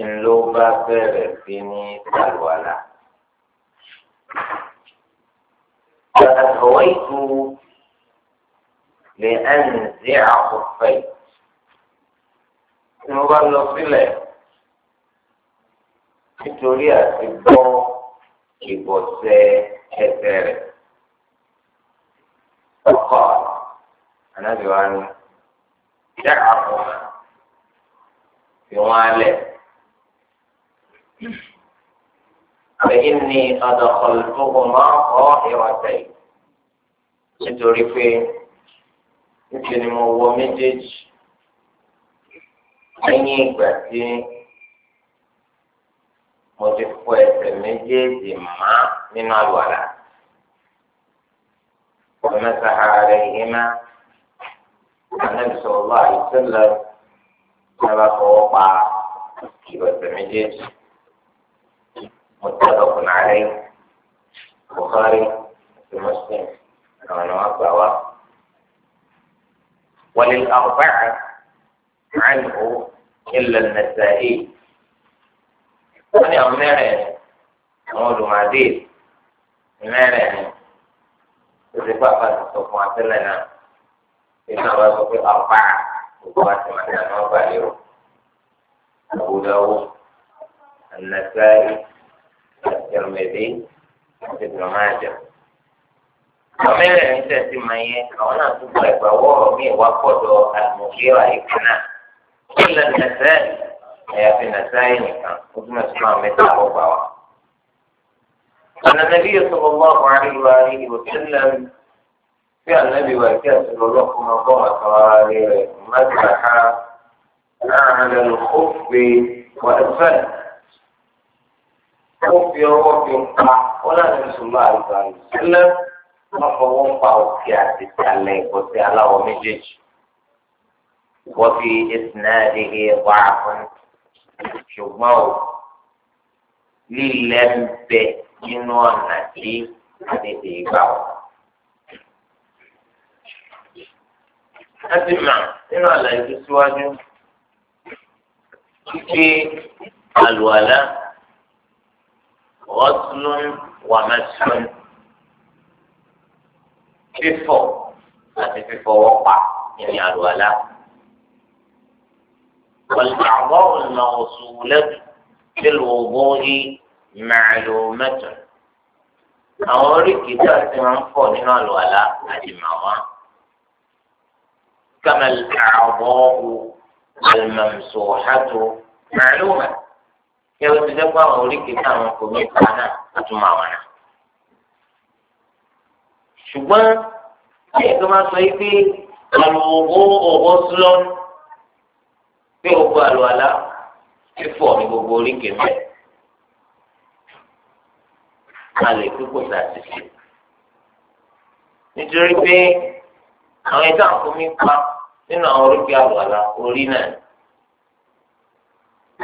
ńlọ bá bẹ̀rẹ̀ sí ní tàlùwàlà. فأهويت لأنزع خفي tí mo bá lọ sílẹ̀ nítorí àti gbọ́ ìbọ̀sẹ̀ ẹsẹ̀ rẹ̀ ọkọ̀ ànábìwá ni dáhà fún mi fi wọ́n á lẹ̀. فإني أدخلتهما طاهرتين nítorí pé níṣẹ́ ni mo wọ méjèèjì lẹ́yìn ìgbà tí mo ti fọ ẹsẹ̀ méjèèjì má nínú àlùwàlà ọ̀nàṣà ààrẹ ìhìnà ànábìsọ̀rọ̀ àìsílẹ̀ ní a bá fọwọ́ pa méjèèjì. متفق عليه البخاري ومسلم كما نوقع وللأربعة عنه إلا النسائي أنا أمنعني أقول ما دير أمنعني الرفاقة سوف معتلنا إن الله في الأربعة وقوات مكان وغيره أبو داود النسائي الترمذي ابن ماجه ọmọlẹ ní tẹsí ma yẹ àwọn náà tún gba ẹgbà wọrọ mi wá pọdọ àmọkíra ìkànnà ilẹ nàṣẹ ẹyàfi nàṣẹ nìkan ó tún náà tún àwọn mẹ́ta àbọ gbà wá. ọ̀nà nàbí yóò sọ̀rọ̀ wọ́n àwọn àríwá àríwá sílẹ̀ tí ànábì wà kí àtúrò lọ́kùn máa bọ́ àtàwọn ààrẹ rẹ̀ mẹ́ta ha láàrin lọ́kùn fi wà ẹ̀fẹ́. ó fi ọwọ́ fi ń pa wọn láti sùnmọ́ àgbà ìṣẹ̀lẹ̀ wọn fọwọ́ pa òkè àti ìsàlẹ̀ ìkọsí aláwọ̀ méjèèjì wọ́n fi isnadihi dha'fun ṣùgbọ́n o lílẹ̀ ń bẹ nínú ọ̀nà tí àdéhùn ìgbà wọn. láti mà nínú àlàyé tó síwájú wípé àlùwàlá. غسل ومسح كفو أتي كفو وقع يعني الولاء والأعضاء الموصولة في الوضوء معلومة أوري كتاب من فوننا الولاء أجمعها كما الأعضاء الممسوحة معلومة kí ẹ̀rọ ti dẹ́kun àwọn oríkèé tí àwọn kò ní ìta náà tún máa wà náà. ṣùgbọ́n bí ẹ̀ka máa sọ yìí pé àlùwò ọ̀wọ́ sílọ́ pé gbogbo àlùwàlá fífọ̀ ní gbogbo oríkèé mẹ́. a lè kókò sàtìsí. nítorí pé àwọn ìta kò ní pa nínú àwọn oríkèé àlùwàlá orí náà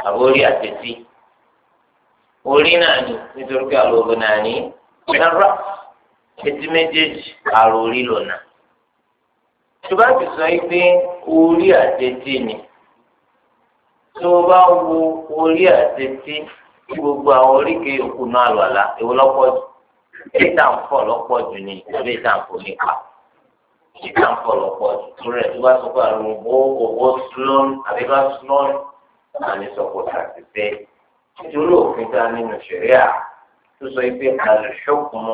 àbórí àtẹ̀tí orí náà ni nítorí pé àlòbò náà ní ìdára etí méjèèjì àrò orí lọ́nà. tó bá ti sọ yìí pé orí àtẹ̀tẹ̀ ni tó bá wo orí àtẹ̀tẹ̀ tí gbogbo àwọn oríkèé yòókù náà lọ àlá èwo lọ́pọ̀ jù ètà ń fọ̀ lọ́pọ̀ jù ni ìjọba ètà ń fọ̀ nípa ètà ń fọ̀ lọ́pọ̀ jù tó rẹ̀ tó bá sọ pé àrùn owó owó slọ́n àbí bá slọ́n àní sọ̀kò tàbí bẹ́ẹ̀ irú òfin tá a nínú ṣẹ̀ríà tó sọ pé àlùṣọ́kùn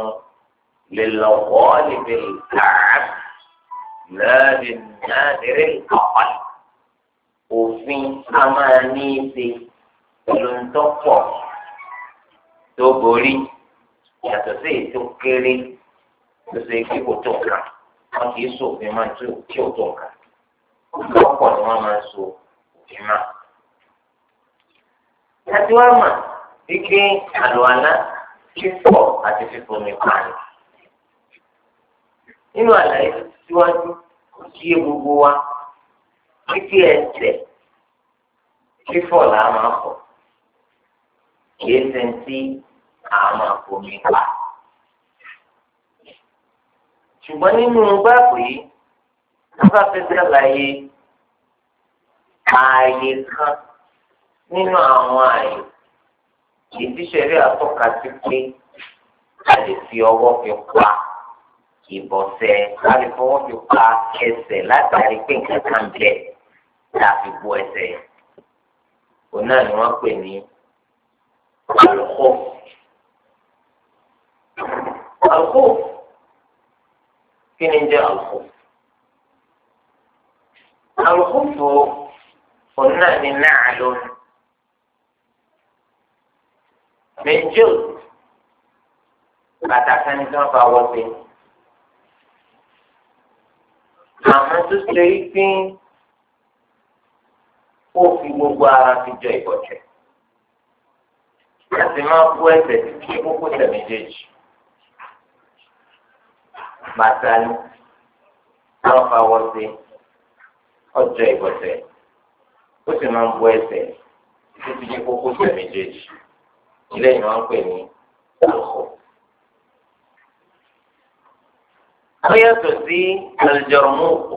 lè lọ wọ́ọ̀lì bí làá lẹ́ẹ̀dì nàdìrí ọ̀pọ̀l. òfin a máa ní í ṣe pẹ̀lú ntọ́pọ̀ tó borí yàtọ̀ sí ètò kéré tó ṣe pé kò tó kàn wọ́n kì í sòfin máa tó kí tó kàn. ọ̀pọ̀ ni wọ́n máa ń òfin máa àti wá mà wípé àlùwàlá fífọ̀ àti fífọ̀ mi pààyàn. nínú àlàyé síwájú kò síye gbogbo wa wípé ẹsẹ̀ fífọ̀ là á máa fọ̀ kìí ṣe ń tí máa fomi pa. ṣùgbọ́n nínú báàbò yìí wọ́n bá fẹ́ sẹ́láyé ààyè kan nínú àwọn àyè èyí tí sẹ́rí àtọ́ka sí pé a lè fi ọwọ́ fi pa ìbọ̀sẹ̀ a lè fọwọ́ fi pa ẹsẹ̀ látàrí pé nǹkan kan jẹ tá a fi bo ẹsẹ̀ òun náà ni wọ́n pè ní alùpùpù alùpùpù kí ni jẹ́ alùpùpù alùpùpù òun náà ni náà lónìí. mẹjọ bàtà kan ní tí wọn bá wọ sí àwọn tó ṣe é pín kó fi gbogbo ara fi jọ ìbọ̀jẹ̀ láti máa kó ẹsẹ̀ títí kókó tẹ̀ méjèèjì bàtà ni wọn bá wọ sí ọjọ́ ìbọ̀jẹ̀ ó sì máa ń bọ ẹsẹ̀ títí kókó tẹ̀ méjèèjì ilé yìí wọ́n ń pè ní àlùkò. ó yàtọ̀ sí àlùjọ̀rọ̀mùkù.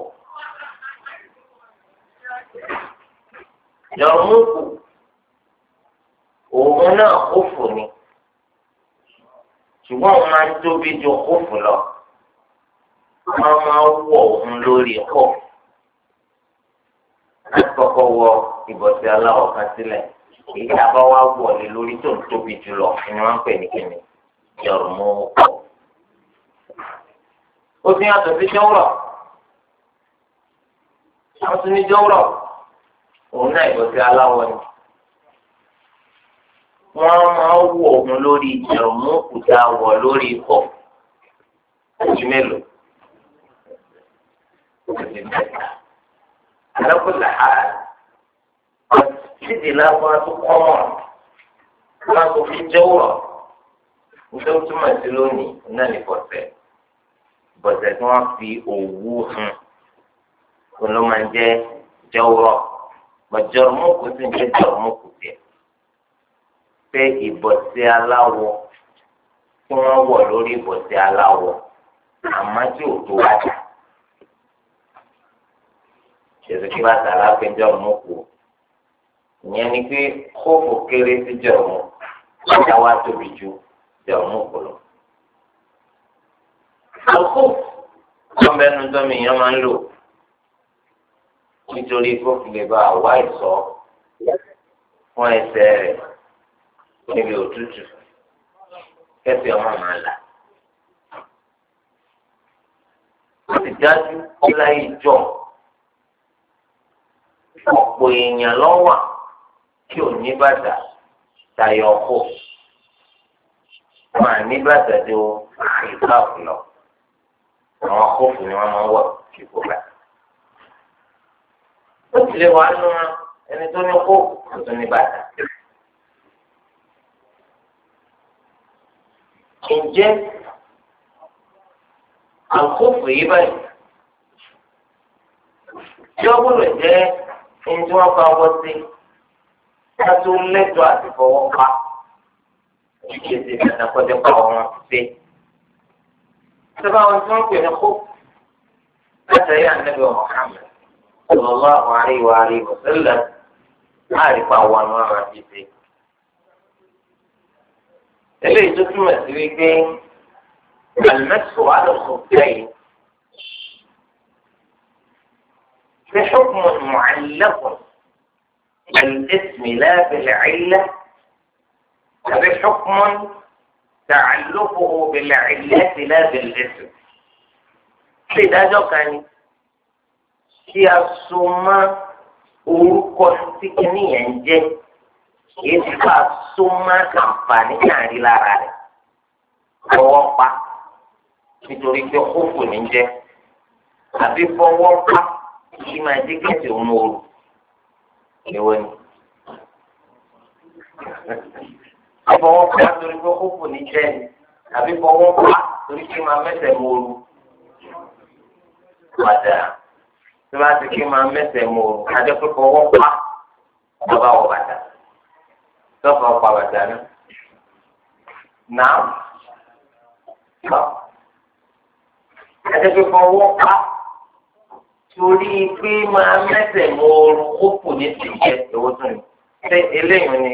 jọ̀rọ̀mùkù òun náà kófò ni ṣùgbọ́n òun máa ń tóbi ju kófò lọ máa máa wọ òun lórí kófò. láti kọ́kọ́ wọ ìbọ̀sẹ̀ aláwọ̀ kan sílẹ̀ èyí tá a bá wá wọlé lórí tó ń tóbi jùlọ ni wọ́n ń pè ní kíni yọrùmú pọ̀. ó fi hàn tó sí jọ́wọ́rọ̀ wọ́n tún ní jọ́wọ́rọ̀ òun náà ìbọ̀sí aláwọ̀ ni. wọ́n máa ń wọ òun lórí yọrùmú kùtà wọ̀ lórí pọ̀ àti mélòó. àlọ́ kò là á rà sídìí lágbá tó kọ́ mọ̀ wọn kò fi jẹ́wọ́ nígbà tó túmọ̀ sí lónìí náà ní bọ̀sẹ̀ bọ̀sẹ̀ tí wọ́n fi òwú hàn wọn ló máa ń jẹ́ jẹ́wọ́ gbàjọ́rọ̀ mú kó sì ń jẹ́ jọ̀rọ̀ mú kó tiẹ̀ pé ìbọ̀sẹ̀ aláwọ̀ tí wọ́n wọ̀ lórí ìbọ̀sẹ̀ aláwọ̀ àmọ́ tí ò tó wájà. Èsì kí bá tà lápẹjọ́ mú kó ìyẹn ni pé kófò kéré sí jẹ̀mú ọjà wa tóbi ju jẹ̀mú kùlọ̀. àkókò ọmọ ẹnu dọ́mi yẹn máa ń lò nítorí kófì lè bá àwa ìsọ fún ẹsẹ̀ rẹ̀ níbi òtútù kẹsì ọmọ màá là. ó dájú láyé jọ ọ̀pọ̀ èèyàn lọ́wọ́ tí ò ní bàtà tayọ ọkọ wọn à ní bàtà tó ìka ọ̀nà àwọn akófò ni wọn máa wọ kíkó bá. ó ti lè wà nù wọn ẹni tó ní kó kò tó ní bàtà. ǹjẹ́ àkófò yìí báyìí tí ó jẹ́ ẹni tí wọ́n pa ọwọ́ sí i ká tó lẹ́tọ̀ àti fọwọ́ pa ojúṣe ti dandan kọjá pa ọ̀run ṣe. sábà wọn tí wọ́n pè ní kó látàrí ànábì Muhammad sallallahu alaihi wa alihi wa sallam láàrin pa àwọn àwọn eléyìí tó túmọ̀ sí wípé àlùmẹ́sọ̀ wà lọ́sọ̀ fẹ́yìn. في حكم معلق الاسم لا بالعلة هذا حكم تعلقه بالعلة لا بالاسم ṣé ìdájọ́ kan ni kí a so mọ́ orúkọ tí kìíní yẹn ń jẹ́ èyí tí ká so mọ́ àǹfààní náà rí lára rẹ̀ fọwọ́ pa nítorí pé kófò ní jẹ́ àbí fọwọ́ pa kí máa jẹ́ kẹ́sì òun ooru èwo ni. àfọwọ́ pa torí pé ó kù ní jẹ́ ni àbí fọwọ́ pa torí pé máa mẹ́sẹ̀ mọ́ru. padà tí wọ́n ti kí máa mẹ́sẹ̀ mọ́ru adé pé fọwọ́ pa bàbá wọ bàtà lọ́fọ̀ọ́ pa bàtà náà. nàá. adé pé fọwọ́ pa torí pé máa mẹ́sẹ̀ mọ ooru ó kù ní tìjẹ́ ìwọ tó ní. ṣé eléyìí ni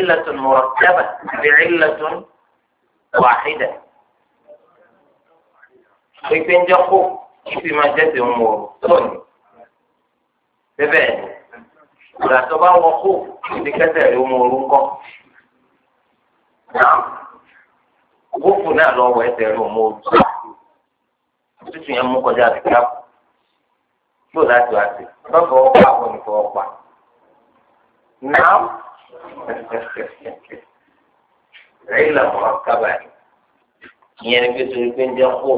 ìlàtún mọ̀rọ̀tẹ́bà àbí ìlàtún wàhídà. pípé ń jẹ́ kó ìfi máa jẹ́sẹ̀ ń wọ̀ tó ní. bẹ́ẹ̀ ni bá wọ kó ìdí kẹsẹ̀ rí mọ ooru kọ́. Gbogbo náà lọ ẹsẹ̀ rí mọ ooru. Tútù yẹn mú kọjá àti káàpù bó láti wá sí lọ́fọ̀ ọ̀pá àwọn ìfọ̀ ọ̀pá. Nàám rẹ̀ làwọn akábà ni ìyẹn ni pé torí pé ń jẹ́ kó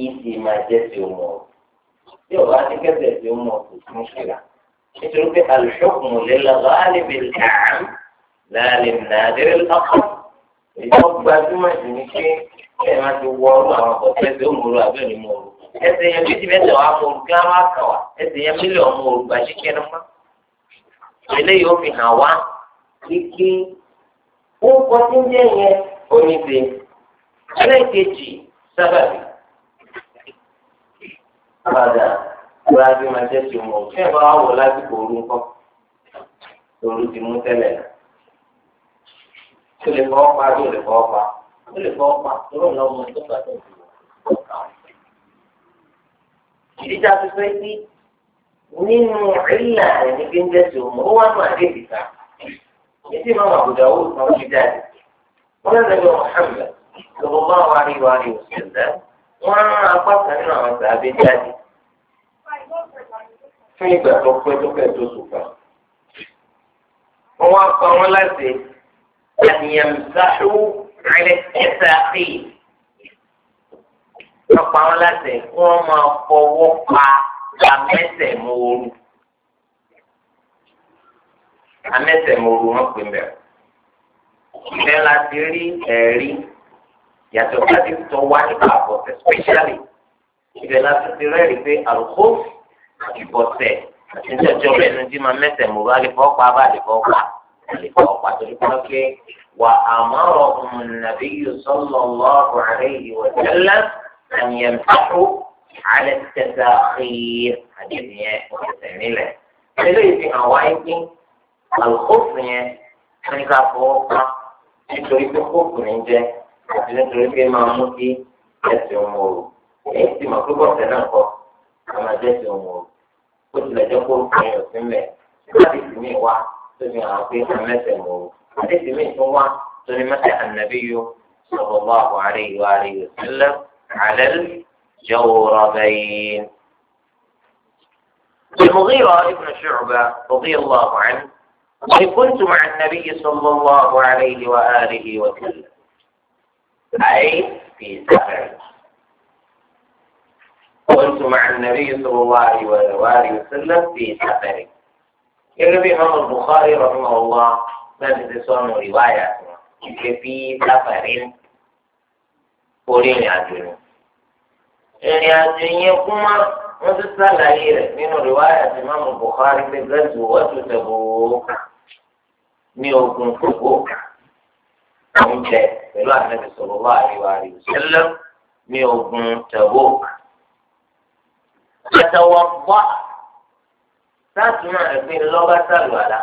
ìsì máa jẹ́ sí ọmọ ọ̀ tí ọba ti kẹsẹ̀ sí ọmọ kò sí ń ṣe rà nítorí pé àlùfọ́kùn lè lọ láàlè bẹ̀rẹ̀ dàrú láàlè nàdẹ́rẹ́ lọ́kọ̀ èyí gbajúmọ̀ sí ni pé ẹ̀ máa ti wọ ọrùn àwọn ọ̀pọ̀ tẹ́sí òmùrù àbẹ́rẹ́ mọ́ọ̀rù ẹsẹ̀ yẹn méjì mẹ́ta wà mú olùkí á máa kà wá ẹsẹ̀ yẹn mílíọ̀nù mú olùgbà ṣíkẹ́ ní mọ́. eléyìí ó fi hàn wá kíkí ó kọ sí ń jẹ́ yẹn oníṣe ẹlẹ́ẹ̀kejì sábàbí. padà ìwà bí máa jẹ́ sí wọn òfin ẹ̀fọ́ wà wọ lásìkò òru ńkọ́ òru ti mú tẹ́lẹ̀ náà. ó lè fọwọ́ pa ó lè fọwọ́ pa ó lè fọwọ́ pa ó lè lọ́ tó bá tó ìdíjà ti fẹ́ sí nínú ìlà rẹ̀ ní gbẹ́ngẹ́sì òmò ó wà ní àdébì ká nítorí máa àbùdá owó kan ti jáde wọn lè lọ Muhammad lọ́wọ́ bá wà ní wàhálì òṣèlú wọn á rán apá kan nínú àwọn sàbẹ̀ jáde fún ìgbà tó pẹ́ tó pẹ́ tó sùn kan wọn wá pa wọn láti àníyàn sáṣú rẹ̀ ẹ̀sà àfihàn máa pa wọn láṣẹ kí wọ́n máa fọwọ́ pa amẹ́sẹ̀ mooru amẹ́sẹ̀ mooru wọn pè mẹ́rin ìfẹ́ la ti rí ẹ̀rí yàtọ̀ láti tọ wá nípa àbọ̀tẹ̀ spẹ́ṣálì ìfẹ́ la ti ti rẹ́rìí pé àlùkò ìbọ̀tẹ̀ àti ìjọjọ́ rẹ̀ ní ti máa mẹ́sẹ̀ mooru àlefọ́pa bá àlefọ́pa àlefọ́pa torí pé wọ́n ké. وأمرهم النبي صلى الله عليه وسلم أن يمسحوا على التساخير هذه هي متساملة لذلك في هوايتي الخفنة أن يكافوها nítorí pé kóòpù ní jẹ àti nítorí pé máa mú kí ẹsẹ̀ òun òru èyí sì mọ̀ pé bọ́ọ̀sẹ̀ náà kọ́ àwọn àjẹsẹ̀ òun òru ó tilẹ̀ jẹ́ kó kọ́ ẹ̀yọ̀ sí mẹ́ láti sì mí wá tó fi hàn pé kò mẹ́sẹ̀ òun òru àti sì mí tún wá tó ní mẹ́sẹ̀ ànàbí yó sọ̀rọ̀ bá àwọn àárẹ̀ ìwà àárẹ̀ yóò sílẹ̀. على الجوربين المغيرة ابن شعبة رضي الله عنه قال كنت مع النبي صلى الله عليه وآله وسلم أي في سفر كنت مع النبي صلى الله عليه وآله وسلم في سفر النبي عمر البخاري رحمه الله ما تتصون رواية في سفر قولين يا جنوب ìrìn àjò yẹn kú mọ́ wọ́n ti sàlàyé rẹ̀ nínú rìwáyà tí Imamu Bukhari pé gẹ́tù wọ́tò tẹ̀bù ní ogun kókó oúnjẹ pẹ̀lú Ànábì sallallahu alaihi wasallam ní ogun tẹ̀bù. àtàwọn bọ́ sátúmọ̀ rẹ̀ pé lọ́ba sàlùwàlà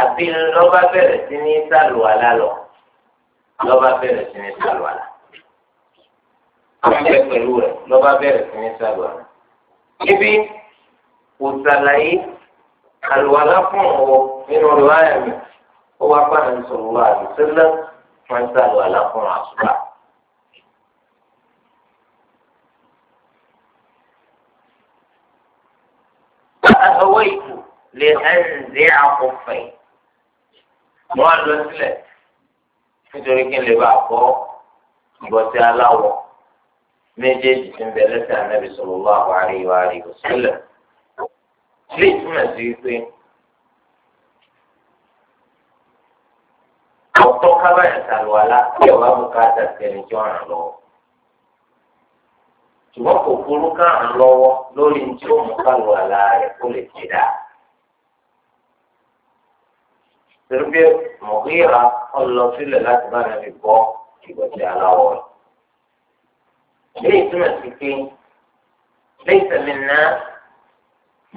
àbí lọ́ba bẹ̀rẹ̀ sí ní sàlùwàlà lọ lọ́ba bẹ̀rẹ̀ sí ní sàlùwàlà wọn bẹ pẹ̀lú rẹ̀ lọ́ba bẹ̀rẹ̀ sí ní sábà. níbi kò sàlàyé àlùwàlá fún ọ̀wọ́ nínú rìwáyà mi ó wá pàdé sọ̀rọ̀ wa àdùsílẹ̀ wọn sàlùwàlá fún àṣùbà. أهويت لأنزع خفي مو على الوسيلة nítorí kí n lè bá a kọ́ ìbọ̀sẹ̀ aláwọ̀ méjèèjì ti ń bẹ lẹ́sẹ̀ ànábì sallallahu alaihi wa alihi wasallam. ilé ìtumọ̀ sí wípé ọ̀tọ́ kábàyà sàlùwàlá tí ọ̀bá bùkátà tẹ̀lé jọ ràn lọ́wọ́. ṣùgbọ́n kò burú ká ràn lọ́wọ́ lórí ní tí ó mú kálùwàlá rẹ̀ kó lè ti dà. torí pé mọ̀gíra ọlọ sílẹ̀ láti bá nàbì bọ́ ìgbọ̀nsẹ̀ aláwọ̀ rẹ̀ ilé ìtumọ̀ sí pé ليس منا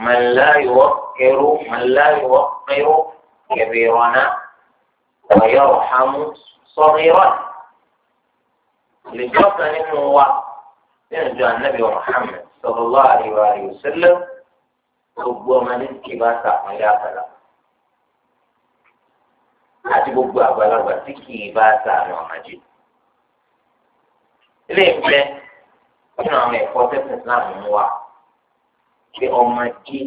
من لا يوقر من لا يوقر كبيرنا ويرحم صغيرنا لجوك نمو نرجو النبي محمد صلى الله عليه وآله وسلم ربما ننكي باسا يا فلا àti gbogbo àgbàlagbà tí kì í bá sàánù ọmọdé. ilé ìpẹ́ nínú àwọn ẹ̀kọ́ tẹ́sán islam ń wá pé ọmọdé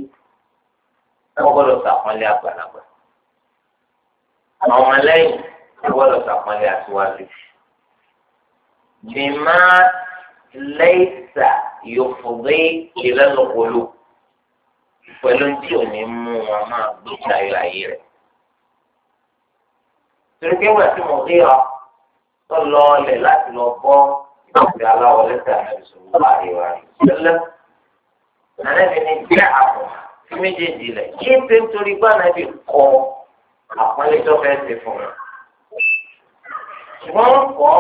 wọ́n gbọ́dọ̀ sàpọ́nlé àgbàlagbà àwọn ọmọlẹ́yìn wọ́n gbọ́dọ̀ sàpọ́nlé àtiwájú bímá lẹ́yìísà yòfùdé ìlẹ́nukolo pẹ̀lú tí ò ní mú wọn máa gbé tayọ ayé rẹ̀ torí pé wọ́n ti ọ tó lọ ọlẹ̀ láti lọ bọ́ ọ̀sẹ̀ aláwọ̀ lẹ́sẹ̀ àmẹ́sọ̀rọ̀ wà ìwà ìṣẹ̀lẹ̀. Nànẹ́bí ni jẹ́ àpò tí méjèèjì lẹ̀ kí n ṣe nítorí pé ànábì kọ àpọ́nlé tó fẹ́ ṣe fún mi. Ṣùgbọ́n wọ́n kọ́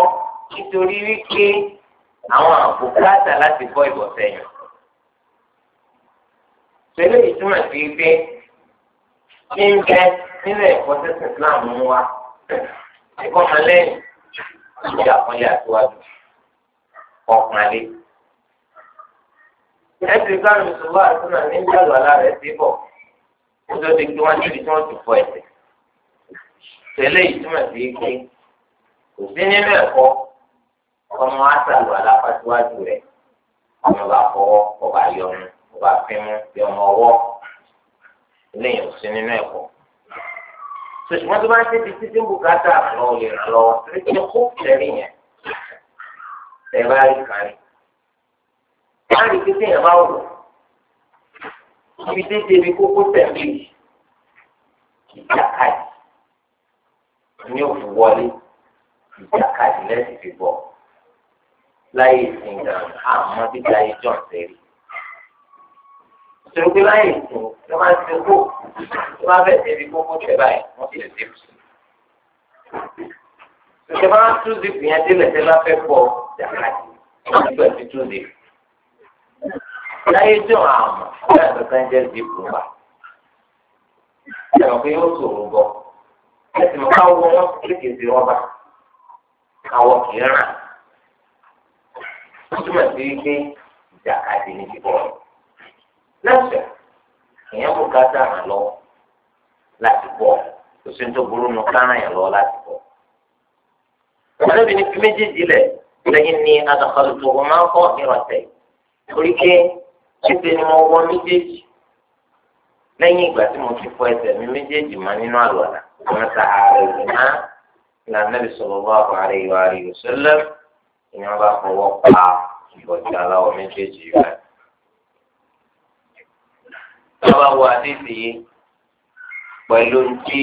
nítorí wípé àwọn àbùkátà láti bọ́ ìbọ̀sẹ̀ yẹn. Pẹ̀lú ìtumọ̀ sí pé kí n bẹ nínú ẹ̀kọ́ sẹ́sìn Islam mú wa ẹ̀kọ́ kan lẹ́yìn ìjà àpọ́nlé àtiwájú ọ̀pọ̀lẹ́. ẹ̀sìn káàmì sọ̀rọ̀ àti náà ní ìjàlọ̀ alára ẹ̀ ti bọ̀ kó tó di pé wọ́n débi tí wọ́n ti fọ ẹ̀sẹ̀. tẹ́lẹ̀ ìtumọ̀ sí pé kò sí nínú ẹ̀kọ́ ọmọ àtàlù aláfàtíwájú rẹ̀ ọmọ bá fọwọ́ ọba yọnu ọba fímú bí ọmọ ọwọ́ lẹ́yìn òsì nínú ẹ̀kọ́. sọ̀tùmọ́ tó bá ń ṣe ti títí bùkátà lọ́wọ́ lè ràn lọ́wọ́ torí kí ni kó tẹ̀lé yẹn tẹ bá rí kárí. wọ́n á rí pé téèyàn bá wọ̀ ibi dédé ibi kókó tẹ̀lé ìjàkadì ní òfin wọlé ìjàkadì lẹ́sìn fi bọ̀ láyé ìsìn gan àmọ́ bíbí ayé jọ̀ sẹ́rí. ìṣòro pé láyé ìsìn ló máa ń ṣe kó ló máa fẹ́ tẹ̀lé kókó tẹ̀ báyìí wọ́n ti lè ṣe é. ìṣèjọba tún zip yẹn délẹ̀ tẹ́lá pọ̀ ìjọba ti tún lè. láyé tí wọn àmọ́ ìjọba kankan jẹ́ diploma. ìjọba pé yóò sòrò bọ́ ẹsìn mọ káwọ wọn kéèké sí rọ́bà káwọ kì í ràn. ó túmọ̀ sí wípé ìjàkadì ní bíbọ̀ rẹ̀. lẹ́sẹ̀ èèyàn kò ká dára lọ láti bọ̀ kò sí ní tó burú nu káràn yẹn lọ láti bọ̀. ọ̀rẹ́bìnrin fi méjèèjì lẹ̀. فإني أدخلتهما طاهرتين ولكن ṣíṣe ni mo wọ méjèèjì lẹ́yìn ìgbà tí mo ti fọ ẹsẹ̀ mi méjèèjì mọ́ nínú àlùwàlà wọn ta ààrẹ ìgbìmọ̀ lànàbì sallallahu alaihi wa alihi wasallam ìyẹn bá fọwọ́ pa ìbọ̀jì aláwọ̀ méjèèjì rẹ̀. lọ́wọ́ wo àdéhìí yìí pẹ̀lú ti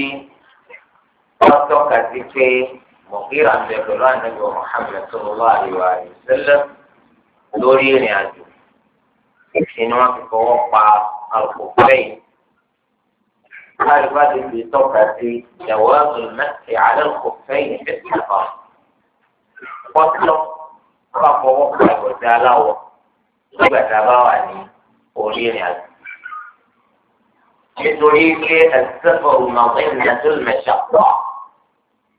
wọ́n tọ́ka sí pé. مغير عن القرآن نبي محمد صلى الله عليه وسلم دورين يعجو إنما كوفا الكفرين هذا بعد في توقع في جواز المسح على الخفين في السفر فطلق فوق الرجال وطلق تباوني أولين يعني في طريق السفر مضنة المشقة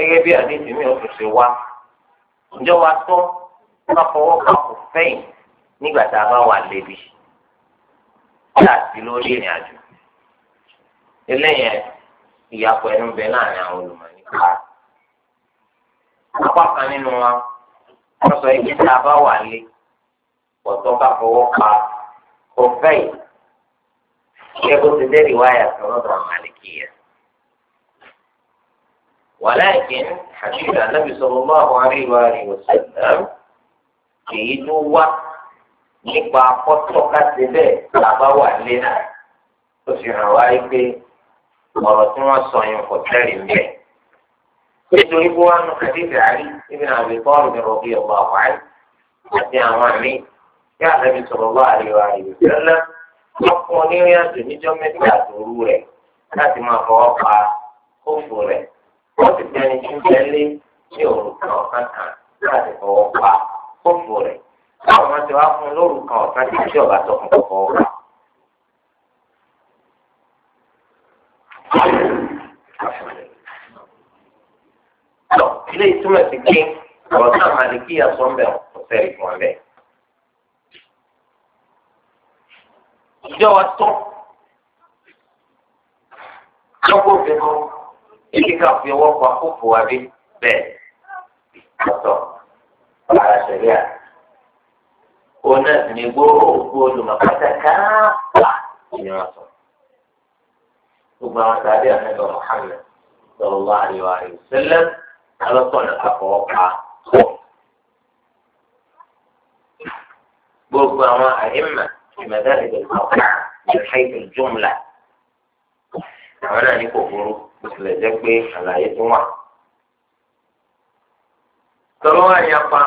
gẹ́gẹ́ bí àdéhùn mi ò sì ṣe wá ǹjọ́ wa tó ká fọwọ́ kan kò fẹ́yìn nígbà tá a bá wà lébi láti lórí ìrìn àjò eléyẹn ìyàpọ̀ ẹnu bẹ láàrin àwọn olùmọ̀ nípa apá kan nínú wa wọ́n sọ ibi tá a bá wà lé pọ̀tọ́ ká fọwọ́ pa kò fẹ́yìn kí ẹ ti dẹ́rì wáyà sọ̀rọ̀ dàn màlìkì yẹn. ولكن حديث النبي صلى الله عليه وآله وسلم kìí tó wá nípa akọ́tọ́ka ti bẹ́ẹ̀ làbá wà lé náà ó fi hàn wá pé ọ̀rọ̀ tí wọ́n sọ yẹn kò tẹ́lẹ̀ ń bẹ̀. nítorí bí wọ́n nu kàdífì àrí ibi náà lè bọ́ ọ̀rọ̀ mi rọ̀bì ọ̀gbà wáyé àti àwọn àmì tí àlẹ́bí sọ̀rọ̀ bá àríwá àríwá tẹ́lẹ̀ wọ́n fún onírìn àjò níjọ́ mẹ́ta àtòrú rẹ̀ láti máa fọwọ́ pa kófò rẹ̀ wọ́n ti tẹni tí ń tẹ́lé ní òrùka ọ̀kan kan láti fọwọ́ pa fófò rẹ̀ báwo wọ́n ti wá fún un lórúkọ ọ̀kan tí tí ọ̀gá tó fún fọwọ́ pa. ilé ìtumọ̀ sí pé ọ̀rọ̀ náà máa lè kí ìyàsọ́ ń bẹ̀ ọ̀sẹ̀ ìfún wọn bẹ́ẹ̀. ìjọ lọ́gbọ̀n fẹ́ kọ́. èyí kan fi ọwọ́ pa kófò wa bí bẹ́ẹ̀ ọ̀tọ̀ ọ̀làrà ṣẹlẹ̀ à. òun náà sì ni gbogbo olùmọ̀kátà káàpà ìyẹn wọn sọ. gbogbo àwọn sàdé àmẹ́bà Muhammad sallallahu alaihi wa sallam alọ́sọ̀nà àfọwọ́pá pọ̀. gbogbo àwọn àyẹ̀mà ìmọ̀dáàdì ìgbàlùkọ̀ ìrìnàìtì jùmùlà. àwọn náà ní kò burú bó tilẹ̀ jẹ́ pé àlàyé tó wà. tọ́lọ́ wá yapa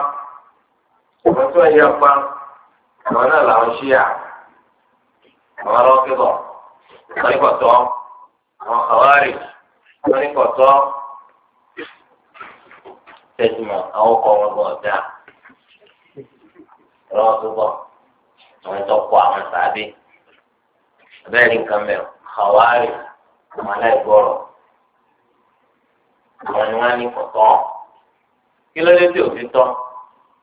wọ́n tún yapa àwọn náà làwọn ṣíyà àwọn arákẹ́bọ̀ wọ́n ní kọ̀tọ́ àwọn àwárí wọ́n ní kọ̀tọ́ tẹ̀sùmọ̀ àwọn ọkọ̀ wọn bọ̀ dáa lọ́wọ́ àwọn ìtọ́kọ̀ àwọn sàbí abẹ́rẹ́ nǹkan mẹ́rin àwárí. àwọn aláìgbọràn àwọn ni wọn ní kọtọ kí ló dé tí òfin tọ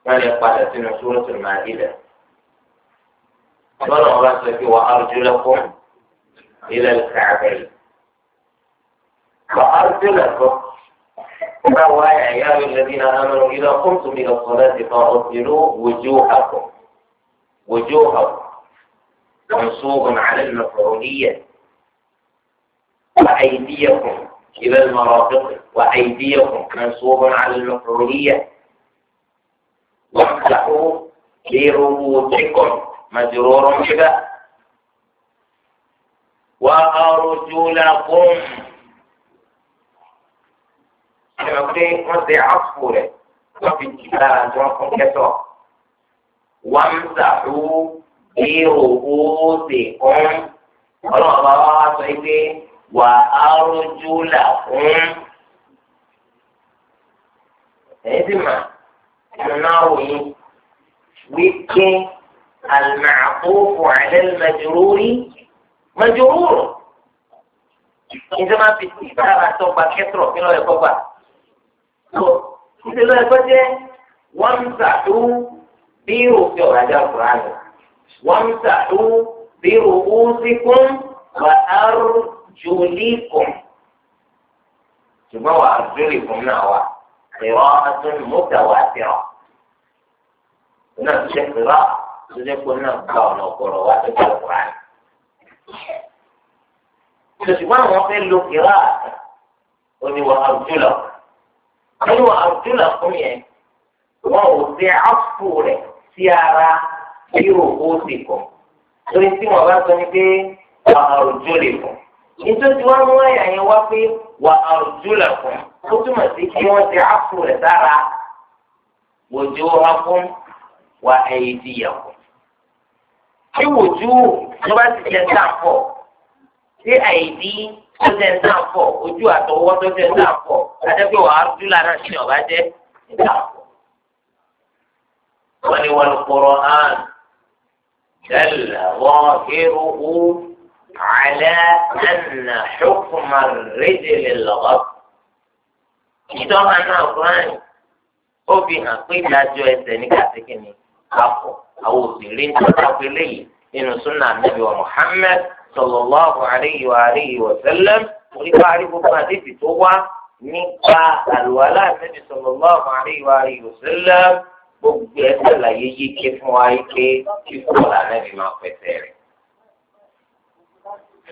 wọn lè padà sínú sóòtù máa ilẹ ọlọ́nà wọn bá sọ pé wà arjúlẹ̀ fún ilẹ̀ kàbẹ̀ yìí wà arjúlẹ̀ fún ma wà ẹ̀yà ìlẹ̀dí náà hàmẹ́rù ilẹ̀ fún tùmí ọ̀sán láti fa ọ̀sìnú wojú àpò wojú àpò wọn sóògùn àlẹ́ ìlẹ̀ fọ̀rọ̀ وأيديكم إلى المرافق وأيديكم منصوب على المكروهية وامسحوا برؤوسكم مجرور كذا وأرجلكم ìrọ̀lẹ́ wọ́n ṣe àpò rẹ̀ wà á rojú là fún ẹ̀yìn sì mà ìnáwó yìí wípé àlùmáàkófò àlẹ́ mẹjọ́rúrí mẹjọ́rúrò ìjọba fi ìbára tó gba kẹtùrọ̀ kí lọ́ọ́ ẹ̀kọ́ gbà tó ìṣèlú ẹ̀kọ́ jẹ́ wọ́n ń sàdó bí òfin ọ̀rajà ọ̀rọ̀ àná wọ́n ń sàdó bí òwú síkún wà á rú. يوليكم ṣùgbọ́n wàá bèrè fún náà wa ẹ̀rọ atún mọ́tàwátìrọ̀ náà tó ṣe pèrọ tó ṣe pé náà gba ọ̀nà ọ̀pọ̀rọ̀ wá tó ṣe pèrọ àná. ṣùgbọ́n àwọn fẹ́ lo kìrá oníwà àrùjúlọ̀ oníwà àrùjúlọ̀ fún yẹn wọn ò ṣe àpò rẹ̀ sí ara bí òkú ti kọ̀ lórí tí wọn bá sọ ní pé àrùjúlẹ̀ fún nítorí tí wọ́n mú àyà yẹn wá pé wà àrùjúlà fún ó túmọ̀ sí kí wọ́n ti àpò rẹ̀ sára wòjú wa fún wà ẹ̀yìn ti yẹ̀ fún. kí wòjú tó bá ti jẹ sáàpọ̀ sí àìdí tó jẹ sáàpọ̀ ojú àtọwọ́ tó jẹ sáàpọ̀ adẹ́pẹ́ wà àrùjúlà náà ṣì ọ̀bá jẹ́ sáàpọ̀. wọ́n ní wọn kọ̀rọ̀ hàn jẹ́lẹ̀ wọ́n kéré على أن حكم الرجل الغض ìtọ́ka náà kúránì ó fi hàn pé ìdájọ́ ẹsẹ̀ ní kàtíkì ni àpò àwọn òṣèré ń tọ́ka pé léyìí nínú súnà ànábì wa Muhammad sallallahu alayhi wa alayhi wa sallam onípa arígbókun àdébì tó wá nípa àlùwalá ànábì sallallahu alayhi wa alayhi wa sallam gbogbo ẹsẹ̀ làyé yíké fún wa yíké kíkọ́ ànábì máa pẹ̀sẹ̀ rẹ̀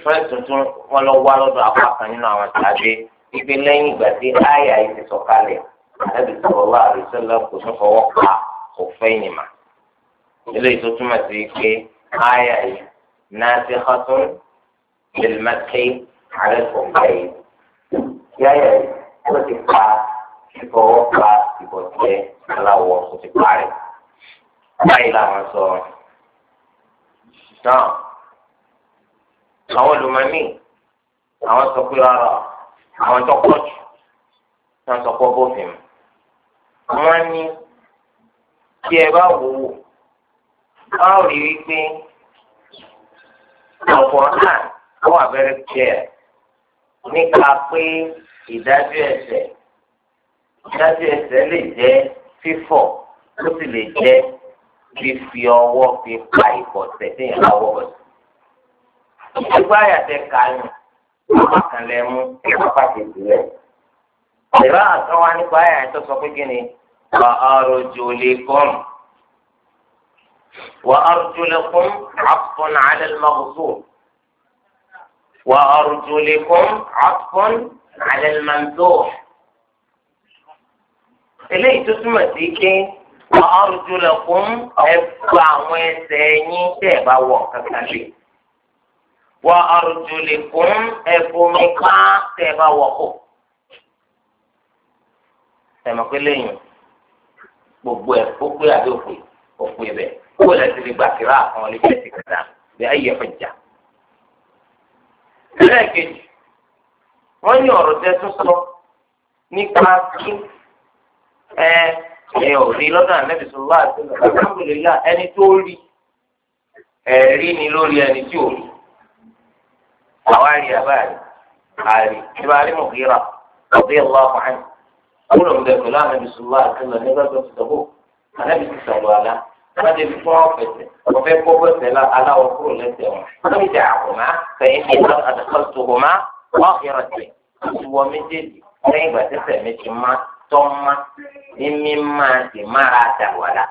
fúrẹ́ tuntun wọn lọ wá lọ́dọ̀ apákan nínú àwọn tàbí ibi lẹ́yìn ìgbà tí àyà yìí ti sọ̀kalẹ̀ àtàbí sọ̀rọ̀ àrùsọ̀lá kò tún fọwọ́ pa òfin ìyìnmá. eléyìí tó túmọ̀ sí pé àyà yìí náà ti xọ́tún lèlmẹ́kì àrẹ kọ̀ọ̀kan yìí. yáyà yìí ó ti pa ìfọwọ́ pa ìbọ̀tẹ́ aláwọ̀ ó ti parí. báyìí làwọn sọ àwọn olùmọ̀mí àwọn sọ pé rárá àwọn tó pọ̀ jù wọ́n sọ pé bófin mu wọ́n ní tí ẹ bá wò wò wọ́n á rí wípé ọ̀pọ̀ náà wọ́n abẹ́rẹ́ jẹ́ nípa pé ìdájọ́ ẹ̀ṣẹ̀ ìdájọ́ ẹ̀ṣẹ̀ lè jẹ́ fífọ̀ ó sì lè jẹ́ fífi ọwọ́ fi pa ìkọ̀sẹ̀ tí ìyàwó ọ̀sẹ̀ ìgbà yàtẹ kàánù àwọn kan lẹ mú ìpapà tètè rẹ ìrọ àtọwá nípa àyà tó sọ pé kí ni wà á rojo lè kọrùn wà á rojo lè kún àfọn àlẹ lọgùsù wà á rojo lè kún àfọn àlẹ eléyìí tó túmọ̀ sí pé wà á rojo lè kún ẹ àwọn ẹsẹ̀ yín tẹ̀ bá wọ̀ kankan wà arjulikum ẹ̀fọ́mi ká tẹ̀ bá wọ̀kọ̀. ẹ̀mọ̀ pé lẹ́yìn gbogbo ẹ̀ gbogbo ẹ̀ àbí òkè òkè bẹ̀ kó lẹ́ ti lè gbà kíra àwọn olùkẹ́ ti kàdá bẹ́ ayé ẹ̀fọ́ jà. ẹlẹ́ẹ̀kejì wọ́n ní ọ̀rọ̀ tẹ́ tó sọ nípa kí ẹ ẹ ò rí lọ́dọ̀ ànábì sọ̀rọ̀ àti ọ̀rọ̀ àti ọ̀rọ̀ ẹni tó rí ẹ̀rí ni lórí ẹni tí ò rí. حوالي أبالي حالي حبالي مغيرة رضي الله عنه قولوا من الكلام نبي صلى الله عليه وسلم نبي صلى الله عليه وسلم أنا بسي سوالا أنا دي فإني أدخلتهما واخرتي ومن جدي كيف طيب، تسمك ما ثم ولا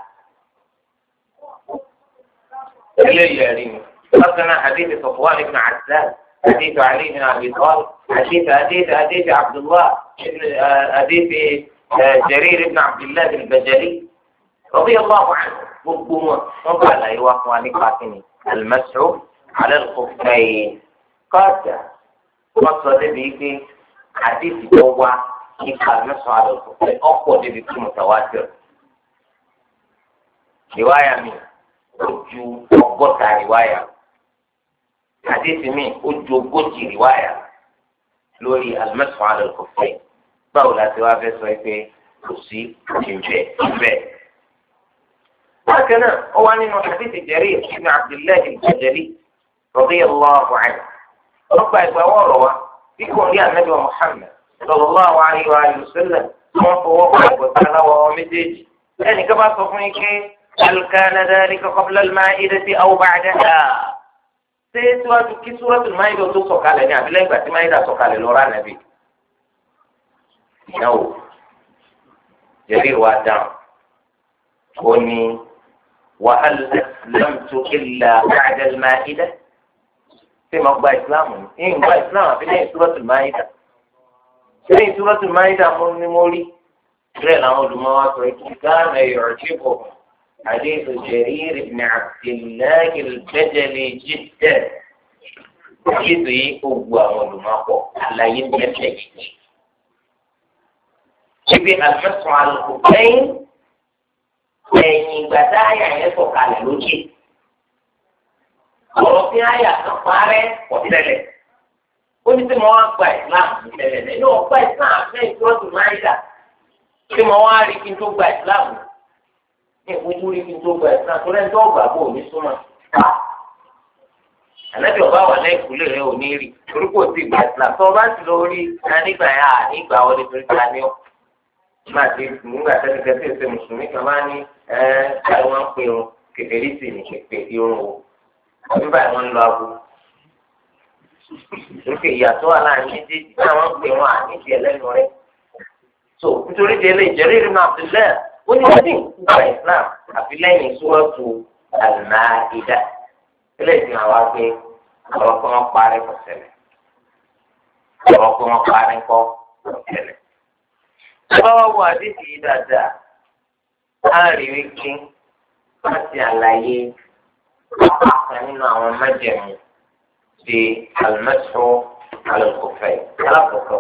إلي يا ريم حديث صفوان بن عزاز أتيت علي بن أبي طالب أتيت أتيت أتيت عبد الله أتيت آه، جرير بن عبد الله البجلي رضي الله عنه ربما وقال أيوا أخواني قاتني المسح على الخفين قاتل قصة بيك حديث جوا يقال المسح على الخفين أقوى بيك متواتر رواية من ojú ọgọ́ta ìwáyà àdéhùn mi ó ju ogójì rìwáyà lórí alimẹ́sùn àlọ́ kọ̀ọ̀fẹ́ báwo la ti wá fẹ́ sọ pé kò sí ìbẹ̀ ìbẹ̀. bákan náà ó wá nínú àdéhùn jẹ̀rí ìṣúná abdullahi ìjẹ̀rí radiyallahu anhu ọgbà ìgbà wọ̀rọ̀ wa bí kò rí ànábì wa muhammed sallallahu alayhi wa sallam wọn fọwọ́ ọ̀gbọ̀n tí aláwọ̀ wọn méjèèjì ẹnì kan bá sọ fún yín pé alkanadari kọ́kọ́ fúlẹ́lì máa ń ṣé síwájú kí súrọ́tù máìdà tó sọ̀kalẹ̀ ní àbílẹ̀ ìgbà tí máìdà sọ̀kalẹ̀ lọ́ra nàbì ìyàwó jẹ̀rí wa dáhùn ó ní wàhálà lẹ́mtú ìlà àjẹlẹ̀ máìdà ṣé mo gba ìsìláàmù ní ìgbà ìsìláàmù àbílẹ̀ ìsúrọ́tù máìdà ṣé ìsúrọ́tù máìdà mo ní mo rí bẹ́ẹ̀ làwọn olùmọ̀ wa sọ ìkíkà حديث جرير بن عبد الله البجلي جدا حديث يقوى ولماقو على ينبغي ibi يبي àlùkò على lẹ́yìn ìgbà tá àyà yẹn kò kalẹ̀ lókè ọ̀rọ̀ fi àyà kan parẹ́ kò tẹ́lẹ̀ ó ní tí mo wá gba ìsìláàmù tẹ́lẹ̀ lẹ́yìn ọgbà ìsìláàmù fẹ́ ìjọ́sìn máa ń yà tí mo wá rí kí n tó gba ìsìláàmù ní ìkúkú rí kí n tó gba ìsìn àtúrẹ́ ń tọ́gbà bò ní súnmọ́. ànábì ọba wà lẹ́yìn ìkúlẹ̀ rẹ ò ní rí torí kò sí ìgbà ìsìn àtọ́ bá ti lọ rí nígbà yà nígbà wọlé torí ta ni ọ. má ti nígbà tẹ́lẹ̀ tẹ́lẹ̀ tẹ́lẹ̀ mùsùlùmí kan máa ní káyọ̀ wọn pe irun kékeré sì ní kékeré irun o. àbí báyìí wọ́n ń lọ abo. lókè ìyàtọ̀ aláàánú méjèèjì táwọn pe wọn àníjì ẹlẹ́nu rẹ̀ ó ní wọ́n ti ń gba islam àfi lẹ́yìn súwọ́tù àlùmáàdá tẹ́lẹ̀ ti hàn wá pé ọ̀rọ̀ kí wọ́n parí kò ṣẹlẹ̀ ọ̀rọ̀ kí wọ́n parí kọ́ kò ṣẹlẹ̀. bá wá wo àdéhùn yìí dáadáa á rí wípé wọ́n ti àlàyé apá kan nínú àwọn májẹ̀mú ti àlùmọ́tò àlùkòfẹ́ alákòókò.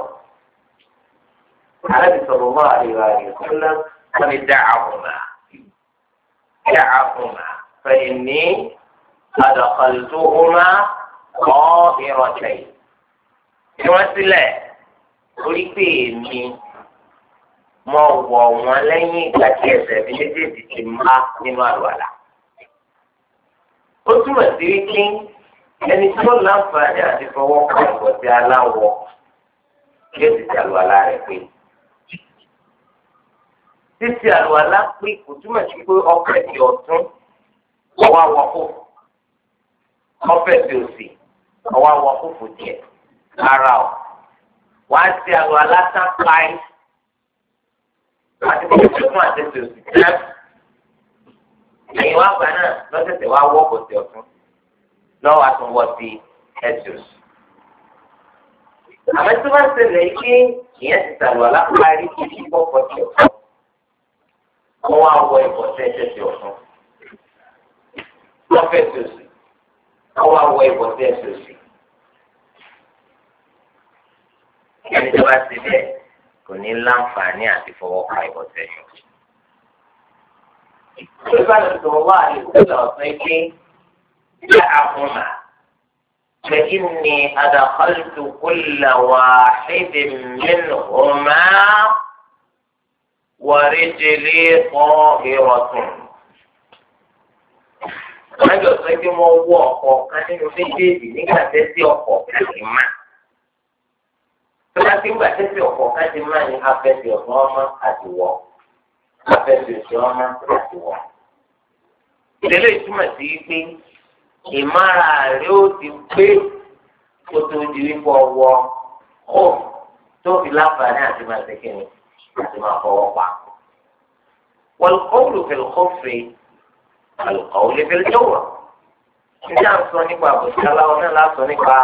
Àlẹ́ bí sọ̀rọ̀ wá àríwá rẹ̀ kúlẹ̀ wọ́n ní dá àbùmá dá àbùmá fẹ́yìn ní àdàkọ̀lùtò ọmọ kọ́ ìrọ̀tẹ̀ yìí. Bí wọ́n sílẹ̀ orí pé èmi mo wọ̀ wọ́n lẹ́yìn ìgbà tí ẹsẹ̀ mi méjèèjì ti má nínú àlùwàlà. Ó túmọ̀ sí wípé ẹni tí ó láǹfààní àti fọwọ́ kọ́ ìbọ̀tí aláwọ̀ yóò ti ṣàlùwàlà rẹ̀ pé títí àlùwàlá pé kò túmọ̀ sí pé ọ̀fẹ́ ti ọ̀tún ọwọ́ àwọ̀ kò ọ̀fẹ́ ti òsì ọwọ́ àwọ̀ kò kò jẹ ara ọ̀ wá sí àlùwàlá tán páì àti kò tó fún àti ti òsì tán ẹ̀yin wá gbà náà lọ́sẹ̀sẹ̀ wá wọ́ kò sí ọ̀tún lọ́wọ́ àtúnwọ́ sí ẹ̀sì òsì. àmọ́ tí wọ́n ń ṣẹlẹ̀ yìí ìyẹn ti sàlùwàlá parí kí kí kọ́kọ́ ti ọ̀tún wọ́n wá wọ ìbọ̀sẹ̀ ẹsẹ̀ ọ̀tún lọ́fẹ̀ẹ́sì òsì wọ́n wá wọ ìbọ̀sẹ̀ ẹsẹ̀ òsì. ẹni tó bá ti bẹ́ẹ̀ kò ní láǹfààní àti fọwọ́ ka ìbọ̀sẹ̀ ẹsẹ̀ òsì. ìgbésẹ̀ ìṣòro wà ní ìpínlẹ̀ ọ̀sán pé ṣé àfúnà فإني أدخلت كل واحد منهما ورجلي طاهرة Àjọ sọ pé wọ́n wọ ọkọ̀ kan nínú méjèèjì nígbà tẹ́sí ọkọ̀ kan ti má. Tó bá ti gbà tẹ́sí ọkọ̀ kan ti má ní afẹ́sẹ̀ ọ̀sán ọmọ àti wọ̀. Afẹ́sẹ̀ ọ̀sán ọmọ àti wọ̀. Ìdílé ìtumọ̀ sí pé ìmára rẹ̀ ó ti pé kó tó di wípé ọwọ́ kò tó fi láǹfààní àti màsíkìnì àti máa fọwọ́ pa. wal-qawlu fil-khuffi kal-qawli fil-jawr. ṣé à ń sọ nípa àbòsí aláwọ̀ náà láti sọ nípa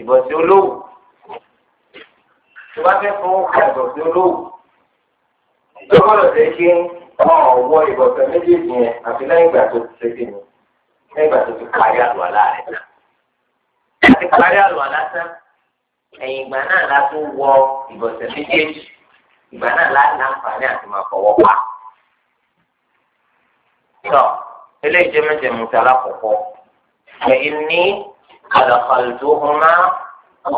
ìbọ̀sí olówó. tó bá fẹ́ fọwọ́ pa ìbọ̀sí olówó. ìjọba ṣe ṣe ọwọ́ ìbọ̀sẹ̀ méjèèjì yẹn àfi lẹ́yìn ìgbà tó ti ṣe kí ni lẹ́yìn ìgbà tó ti parí àlùwàlá rẹ̀ náà àti parí àlọ́ àlásán ẹ̀yìn ìgbà náà la wọ ìbọ̀sẹ̀ méjèèjì ìgbà náà láti láǹfààní àti máa fọwọ́ pa. tọ́ eléyìí jẹ́mẹ́jẹ́ mu ti alákọ̀ọ́kọ́ ṣe ní àdàkọ̀lùdóhùnmá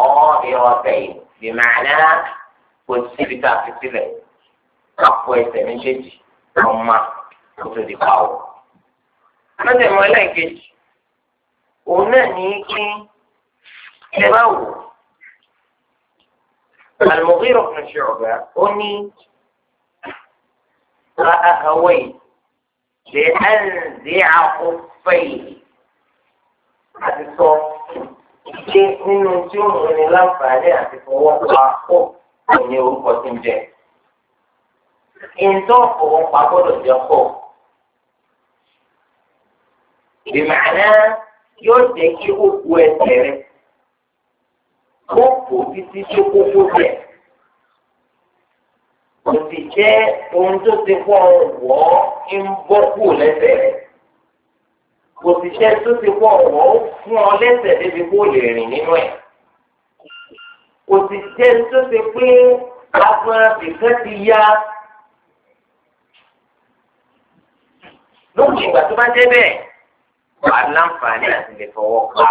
ọ̀hún ìrọ̀tẹ̀ ìgbìmọ̀lá kò síbi tá a fi sílẹ̀ kápò ẹsẹ̀ méjèèjì ọ̀ma kò tó di pawọ́. mẹ́tẹ̀ẹ̀mọ́ ẹlẹ́ẹ̀kejì òun náà ní kí ẹ bá wò ó. المغيرة بن شعبة أني رأى هوي لأنزع خفيه هذا الصوت كيف من نجوم من اللفة عليها تفوق خف من يوروبا تنجح إن توقفوا فقط الجخوف بمعنى يدكي أقوى تلك ó fò títí tó kókó jẹ kò sì jẹ́ ohun tó ti fọ́ wọ́ ń bọ́ kú lẹ́sẹ̀ rẹ̀ kò sì jẹ́ tó ti fọ́ wọ́ fún ọ lẹ́sẹ̀ débi kó lè rìn nínú ẹ̀ kò sì jẹ́ tó ti pé afurasí kan ti ya lókè ìgbà tó bá jẹ́ bẹ́ẹ̀ wàá láǹfààní àti lè fọwọ́ pa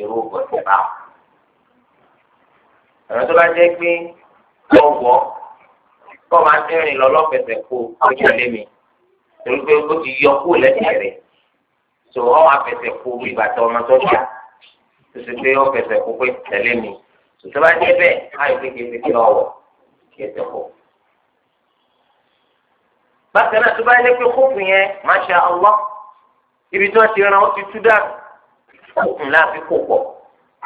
èrò bọ̀dẹ̀ báwọn ọ̀nà tó bá jẹ́ pé ọ̀wọ́ kọ́ máa ti rìn lọ lọ́fẹ̀sẹ̀ kó ojú ilé mi torí pé ó ti yọ kó lẹ́sẹ̀ rẹ̀ tó ọ́ wá fẹsẹ̀ kó ìbàtà ọmọ tó ṣá tó sì pé ó fẹsẹ̀ kó pé tẹ̀lé mi tó bá jẹ́ bẹ́ẹ̀ láì pé kí n fi kí ọ̀wọ́ kí ẹsẹ̀ kó. bákan náà tó bá yẹ pé kófù yẹn Masha Allah ibi tí wọ́n ti ran ó ti tú dànù kófù náà fi kó pọ̀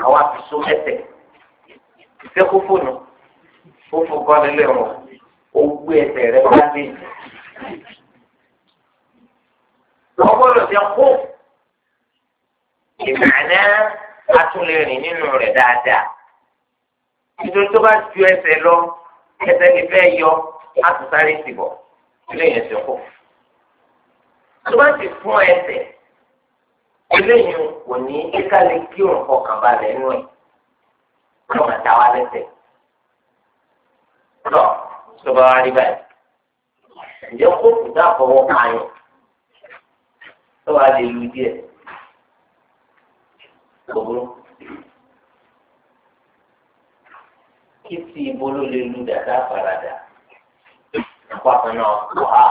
àwọn àfisó mẹ́tẹ̀ẹ́ ìfẹ́ kó fóònù ó fún kọ́ni lẹ́wọ̀n ó gbé ẹsẹ̀ rẹ wá sí. ọgbọ́dọ̀ ti kó ìmọ̀nà atúlẹ̀rìn nínú rẹ̀ dáadáa nítorí tó bá ju ẹsẹ̀ lọ ẹsẹ̀ lè fẹ́ yọ àtúntàrí tìbọ̀ eléyìí ẹsẹ̀ kó tó bá ti fún ẹsẹ̀ eléyìí kò ní kíkálẹ̀ kí òun kọkàn balẹ̀ nù ẹ̀ yóò máa ta wá lẹ́sẹ̀. lọ sọba wa rí báyìí ǹjẹ́ kó kù dá fọwọ́ pààyàn tó wàá lè lu díẹ̀ gbogbo kí tí ibo ló lè lu dàda farada nípa kan náà kó a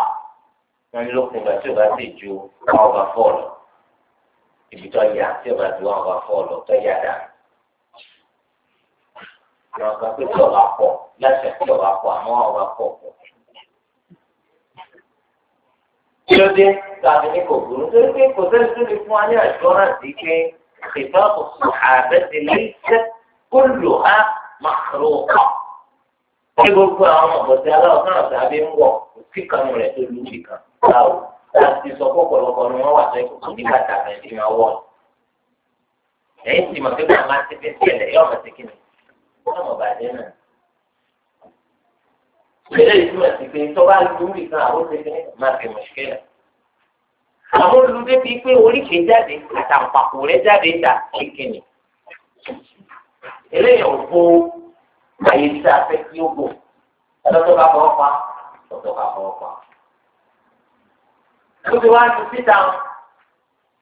wọn ló kún gbà tí o bá sì ju one over ibi tó yà tí o bá ju one over four lọ dáa àwọn kan pé tí ọba pọ̀ láṣẹ tí ọba pọ̀ àmọ́ ọba pọ̀ pọ̀. kí ló dé tàbí ní kò burú torí pé kò sẹ́ni tó lè fún wa ní àjọ́rántì pé ìfẹ́ òkú àbẹ́sẹ̀ lẹ́sẹ̀ kó lò á màkàrọ̀ ọ̀pọ̀. ní gbogbo àwọn ọ̀gbọ̀nsẹ̀ aláwọ̀ náà tàbí ń wọ̀ sí kan rẹ̀ tó lù mí kan láwọ̀ láti sọ pé ọ̀pọ̀lọpọ̀ ni wọ́n wà sẹ́kùn nígbà tàbí ẹ̀sìn máa wọ̀ ẹ̀yìn tí màkẹ́kọ̀ọ́ máa ti fi ń tẹ̀lé yọ̀ọ̀mọ̀ sí kíni táwọn bàjẹ́ náà. Ilé ìtumọ̀ sí pé tó bá lu ìkan àwọn ṣe fẹ́ máa fi mọ̀ṣíkẹ́ náà. Àwọn olùdé bíi pé oríkèé jáde àtàǹpàkò rẹ̀ jáde dà kékeré. Eléyìí ò bo àyè tí a fẹ́ kí ó bò. Ẹlọ́tọ́ bá fọwọ́ pa, ọ̀tọ́ bá fọwọ́ pa. Ó ti wá ju síta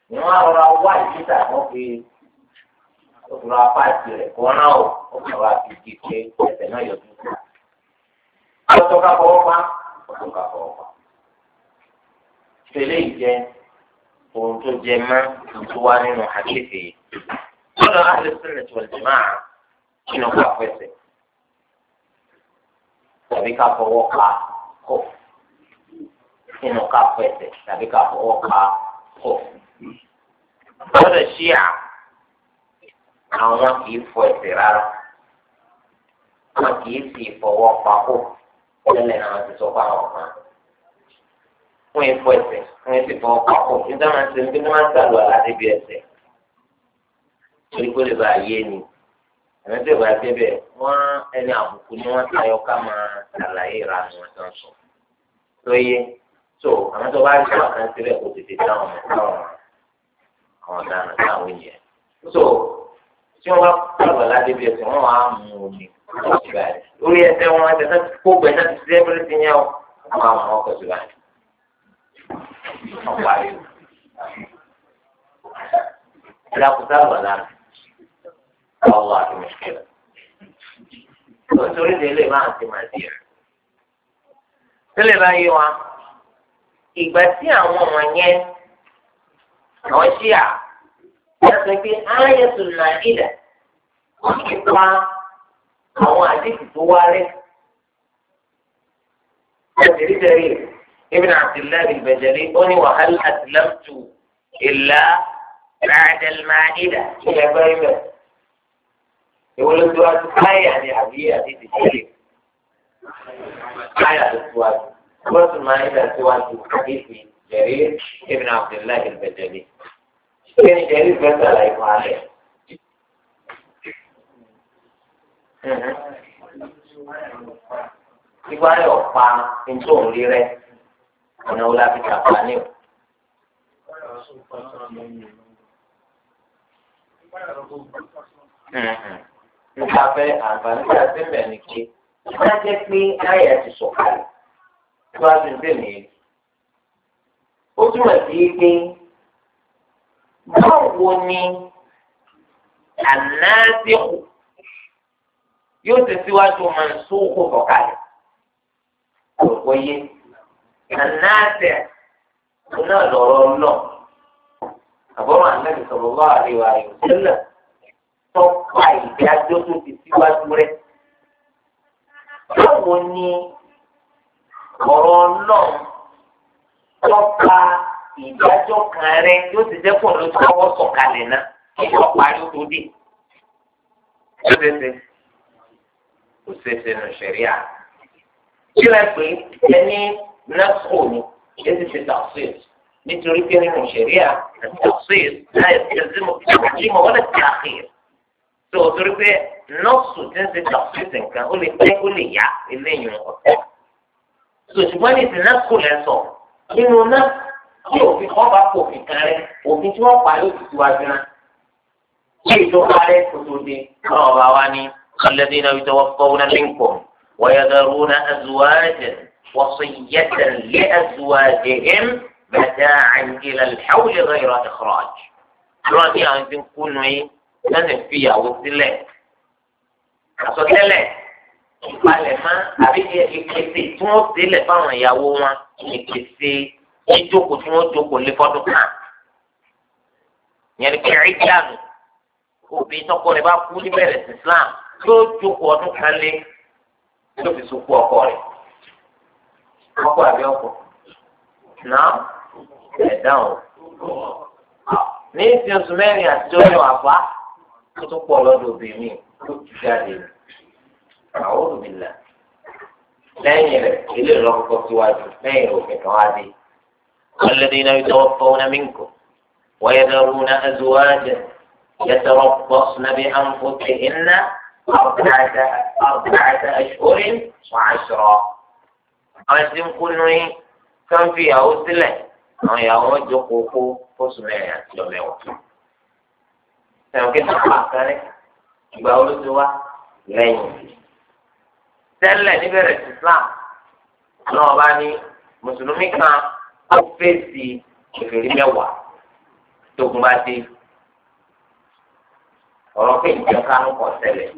ni wọ́n á rọra wá ìsíta wọ́n fi òfurufú apáàtì rẹ̀ kó rán o ọkàn wa fi di pé ẹsẹ̀ náà yọjú kù. ọtọ́ ká fọwọ́ pa ọtọ́ ká fọwọ́ pa. tẹ́lẹ̀ ìjẹ ohun tó jẹ mọ́ tó wá nínú àkẹ́fẹ́ yìí. lọ́dọ̀ àti sílẹ̀ tí wọ́n ti máa kí ni wọ́n fẹsẹ̀. tàbí ká fọwọ́ pa kọ̀ nínú ká fẹsẹ̀ tàbí ká fọwọ́ pa kọ̀. lọ́dọ̀ ṣíà àwọn kì í fọ ẹsẹ̀ rárá àwọn kì í sì fọwọ́ papò tẹ́lẹ̀ àwọn ti sọ fún àwọn kan fún ìfọ ẹsẹ̀ fún ìfọ fọwọ́ papò nígbà máa ń ṣe nígbà máa ń sàlù aláde bí ẹsẹ̀ torí kó lè bá yé ni àwọn tí ò bá débẹ̀ wọ́n ẹni àbùkù ni wọ́n tayọ ká máa ṣàlàyé ìranù wọn tó ń sọ lóye tó àwọn tó bá rí àwọn kan síbẹ̀ kó tètè dáhùn àwọn ọ̀daràn táwọn yẹn so tí wọn bá bàbà ládé bí ẹsẹ̀ wọn á mú omi ọsì báyìí lórí ẹsẹ̀ wọn ẹsẹ̀ náà kó gbẹ náà ti ṣe ẹgbẹrẹ ti yẹn o wọn á mú ọkọ sí báyìí ọgbà yìí ìdàkùtà bàlá ọwọ́ àdúmọkẹlẹ nítorí délé máa ti máa di rẹ tẹ́lẹ̀ báyìí wa ìgbà tí àwọn ọmọ yẹn àwọn yàtọ̀ pé ayẹ̀tò nàìjíríà wọ́n ti pa àwọn àdéhùn tó wá rẹ̀. Ẹ̀sìn ìdẹ̀rẹ̀ Ibn Abdillah al-Bajali ó ní wàhálà aslamtu illa ba'da al-ma'ida ilẹ̀ bẹ́ẹ̀ bẹ́ẹ̀. Èwo ló tó wá sí káyà ni àbí àdéhùn ìdílé? Káyà ló tó wá sí. Wọ́n tún máa ń dà síwájú àdéhùn ìdẹ̀rẹ̀ Ibn Abdillah al-Bajali. Ṣé ìdẹ̀rẹ̀ bẹ́ẹ̀ sàlàyé fún alẹ́? Ìgbà yóò pa ntọ́ òrí rẹ̀ ọ̀nà wo la fi kàkà ní o. Nípa fẹ́ àǹfààní tí a ti bẹ̀ ní kí wọ́n jẹ́ pé ayé ti sọ̀kalẹ̀ tí wọ́n á ti bẹ̀ ní Ó túmọ̀ sí pé báwo ni àná ti kù yóò ti síwájú mọ̀nsúkú kọ̀kalẹ̀ kò yé nànáàtẹ̀ náà lọ́rọ́ lọ àbọ̀rọ̀ ànábì sọ̀rọ̀ bá àríwá ayò sílẹ̀ tọ́pa ìdájọ́ tó ti síwájú rẹ̀ báwo ni ọ̀rọ̀ náà tọ́pa ìdájọ́ kan rẹ̀ yóò ti jẹ́ pọ̀ lóṣù ọwọ́ sọ̀kalẹ̀ náà kí wọ́n parí tó dé kò ṣeéṣe nù ṣẹ̀ríà. kí lè pè é ní nafsu ni kí lè ṣe tafsir nítorí pé nínú ṣẹ̀ríà tafsir láì ṣẹ́sí mo kí mo wọ́n lè ti àkìr. tó o torí pé nafsu ti ń ṣe tafsir nǹkan ó lè pẹ́ ó lè yá eléyìí ọ̀tọ̀. tó ní ti nafsu lẹ sọ nínú náà tí òfin kan bá kó òfin kan rẹ òfin tí wọ́n parí òfin tiwájú náà. kí ìjọba rẹ kò tó de náà ọba wa ní. الذين يتوفون منكم ويذرون أزواجا وصية لأزواجهم متاعا إلى الحول غير إخراج lọ́wọ́ tí àwọn ti ń kú nu yín lọ́sẹ̀ fi ìyàwó sílẹ̀ àsọtẹ́lẹ̀ ìpalẹ̀mọ́ àbí ìpèsè tí wọ́n sílẹ̀ fáwọn ìyàwó wọn ìpèsè ìjókòó tí wọ́n jókòó lé fọ́dún kan yẹn ni pé ẹ̀rí jáàmù òbí tọkọ rẹ̀ bá kú níbẹ̀rẹ̀ sí Islam tó jókòó ọdún kan lé tó fi sunkún ọkọ rẹ̀ ọkọ àbí ọkọ náà ẹ̀ dáhùn ní ti oṣù mẹ́rin àti ọyọ àbá tó tún pọ̀ lọ́dọ̀ obìnrin tó ti jáde àwọn olùbílà lẹ́yìn rẹ̀ ilé ìlọ́kọ̀kọ́ síwájú lẹ́yìn rẹ̀ òfin kan wá dé. wọ́n wọ́n yẹ ẹ̀ والذين يتوفون منكم ويذرون أزواجا يتربصن بأنفسهن أربعة أربعة أشهر وعشرة أنتم كلهم كم في أوسلة أو يوم جوكوكو فسمعنا يوميو سنوكي تحقق ìgbà wo ló ti wá lẹ́yìn tẹ́lẹ̀ níbẹ̀rẹ̀ islam náà bá ní mùsùlùmí kan ó fèsì ìfèrí mẹ́wàá tógun bá dé ọ̀rọ̀ pé ìjọ kánú kọ̀ sẹ́lẹ̀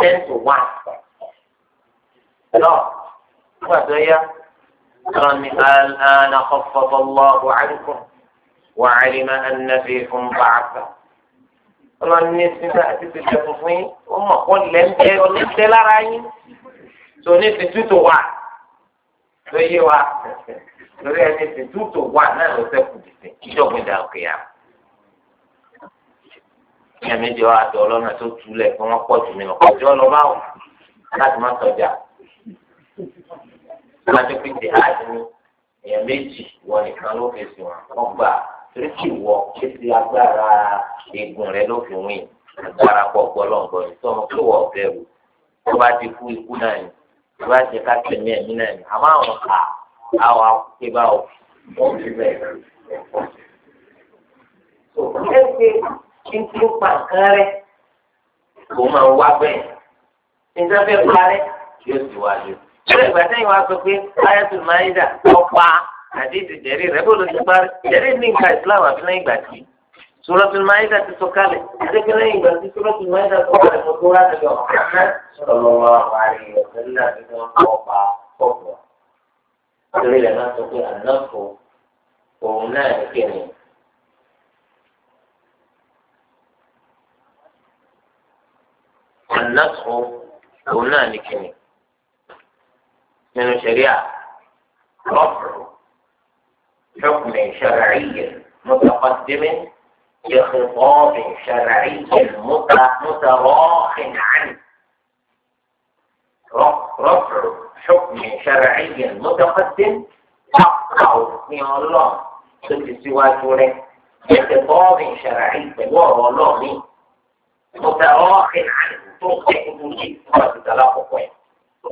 ten to one lọ nígbà tó yá ọ̀rọ̀ ni àná kọ́kọ́ lọ́ọ̀bù àdúgbò wà á rí máa ń nàbí fún bàtà ọlọ́run ní sísá àti sísá funfun yín ó mọ̀ kó lẹ́ńtẹ́ ọlẹ́ńtẹ́ lára yín tó ní ti tútù wà tó wa lórí ẹni ti tútù wà náà ló sẹ́kù dìde ìjọba ìdá yàrá ní ẹ̀mí ìjọ àti ọlọ́nà tó túlẹ̀ kí wọ́n pọ̀ jù mí lọ kọ́ ìjọ lọ bá wọn láti má sọjà láti pín ti àti ní èèyàn méjì wọn nìkan ló fi sùn wọn gbà torí kì wọ kí ti agbára eegun rẹ ló fi wín agbára pọ̀ gbọ́lọ́ngbọ́n ní sọ́mọ kí wọ́n bẹ̀rù tó bá ti kú ikú náà ni tó bá ti ká tẹ̀mí ẹ̀mí náà ni àmọ́ àwọn kà àwọn akéwà báwò wọ́n fi bẹ̀rù kí n tó pa nǹkan rẹ kò máa wá bẹ́ẹ̀ nígbà fẹ́ parẹ́ yóò sì wá lé. ṣé ìgbà sẹ́yìn wá sọ pé ayatul maida ọ̀pá àdéhùn jẹ̀rí rẹ̀ bó ló ti parí jẹ̀rí ní nǹkan islam àfi lẹ́yìn ìgbà tí suratul maida ti sọ kalẹ̀ àdéhùn lẹ́yìn ìgbà tí suratul maida sọ kalẹ̀ mo tó wá ti lọ ọ̀hán sọ̀rọ̀ wá parí ọ̀sẹ̀ nígbà tí wọ́n kọ́ ọ̀pá ọ̀pọ̀ ànásù òun náà من الشريعة رفع حكم شرعي متقدم لخطاب شرعي متراخ عنه رفع حكم شرعي متقدم تقع من الله سواك ولك لخطاب شرعي وراء الله متراخ عنه توقف الوجود هو التلاحق وين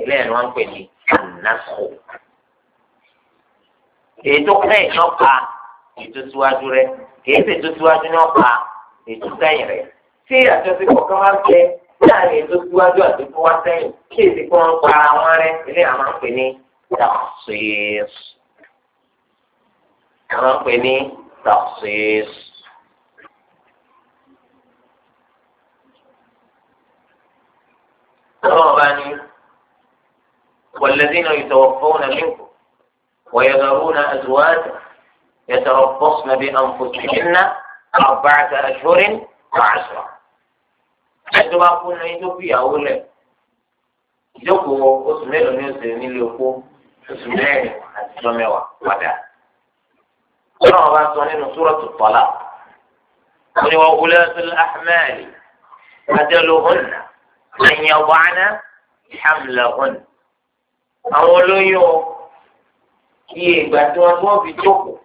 إليه نوان كويني النسخ ètò kẹ́yìn náà pa ètò síwájú rẹ̀ kìí ṣe ètò síwájú náà pa ètò sẹ́yìn rẹ̀ tí àjọṣe kọ̀ọ̀kan wá jẹ láàrin ètò síwájú àti tó wá sẹ́yìn kí èsì kan ń pa ara wọn rẹ̀ ilé àwọn pè ní tafsir àwọn pè ní tafsir. الرباني والذين يتوفون منكم ويذرون أزواجا يتربصن بأنفسهن أربعة أشهر وعشرة حيث ما قلنا يدوك يا أولي يدوك أسمي الميزي من اللي يقوم أسمي أسمي وعدا قرأ بأسواني سورة الطلاق قلوا أولاد الأحمال أدلهن ẹ̀yìn ọ̀bọ̀nà hamlahun. àwọn olóyún iye ìgbà tí wọ́n gbọ́ fi jókòó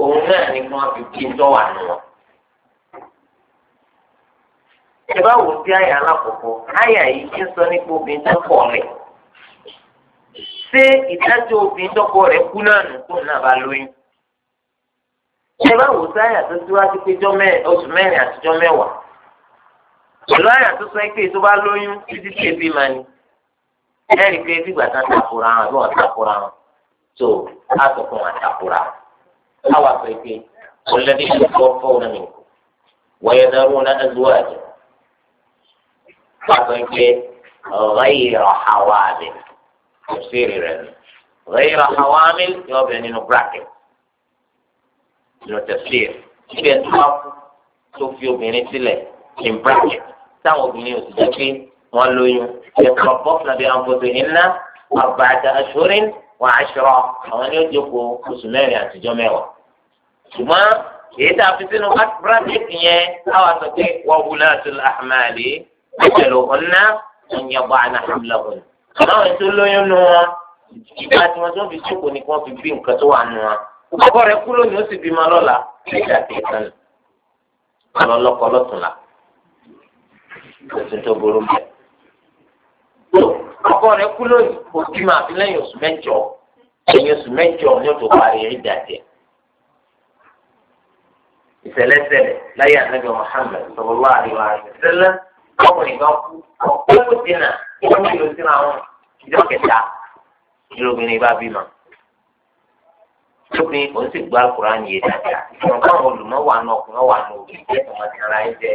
òun náà ni wọ́n fi kí n tọ́ wà nù wọn. ẹ bá wò sí àyà alákòókò àyà yìí ti sọ nípa obìnrin tó pọ̀ rẹ̀ ṣé ìdájọ́ obìnrin tọ́kọ rẹ̀ kú náà nù kó náà bá lóyún. ẹ bá wò sí àyà tó síwájú pé oṣù mẹ́rin àtijọ́ mẹ́wàá ìlọ́yà tó sọ pé tó bá lóyún títí tí ebi máa ní ẹ̀rí pé ebi gbàtà takora wọn àbí wọn takora wọn tó a sọ fún wọn takora wọn a wà sọ pé ọlọ́dẹ yìí kọ́ fọ́ọ̀nù mi wọ́yẹ dáró náà ẹ̀ lọ́wọ́ àjẹ́ wọ́n sọ pé ọ̀gáyìrò hawa mi kò sí rẹ̀ mi ọ̀gáyìrò hawa mi yọ ọbẹ̀ nínú bracket nínú tẹ̀síẹ̀ níbẹ̀ tó wá kú tó fi obìnrin sílẹ̀ in bracket táwọn obìnrin ò sì jẹ́ pé wọ́n lóyún ẹ̀kọ́ bọ́fúnàbí àǹfọ̀tò iná àbàtà aṣọ́rin wà aṣọ́rọ̀ àwọn ni ó jókòó oṣù mẹ́rin àtijọ́ mẹ́wàá. ṣùgbọ́n èyí tá a fi sínú bracket yẹn táwa sọ pé wọ́n wúlò àti àmàlẹ́ àjẹlò ọ̀nà ọ̀nyẹ̀bọ̀ àná àwọn ètò lóyún nu wọn ìgbà tí wọ́n tó fi jókòó ni wọ́n fi bí nǹkan tó wà nu wọn. ọkọ rẹ kúrò ní ó sì bímọ lọ́la ẹ̀ṣà òtún tó burú bẹ́ẹ̀. ọkọ rẹ̀ kú lónìí kò bí máa fi lẹ́yìn oṣù mẹ́jọ lẹ́yìn oṣù mẹ́jọ ni ó tó parí rí dàjẹ́. ìṣẹ̀lẹ̀ṣẹ̀lẹ̀ láyé àtẹ́gbẹ́ sọ̀rọ̀ àríwá rẹ̀ sẹ́lẹ̀ ọkùnrin kan kú ọ̀pọ̀ kẹta sì gbọ́ àkùrá dáadáa wà òbí jẹ́ ara ẹ̀ jẹ́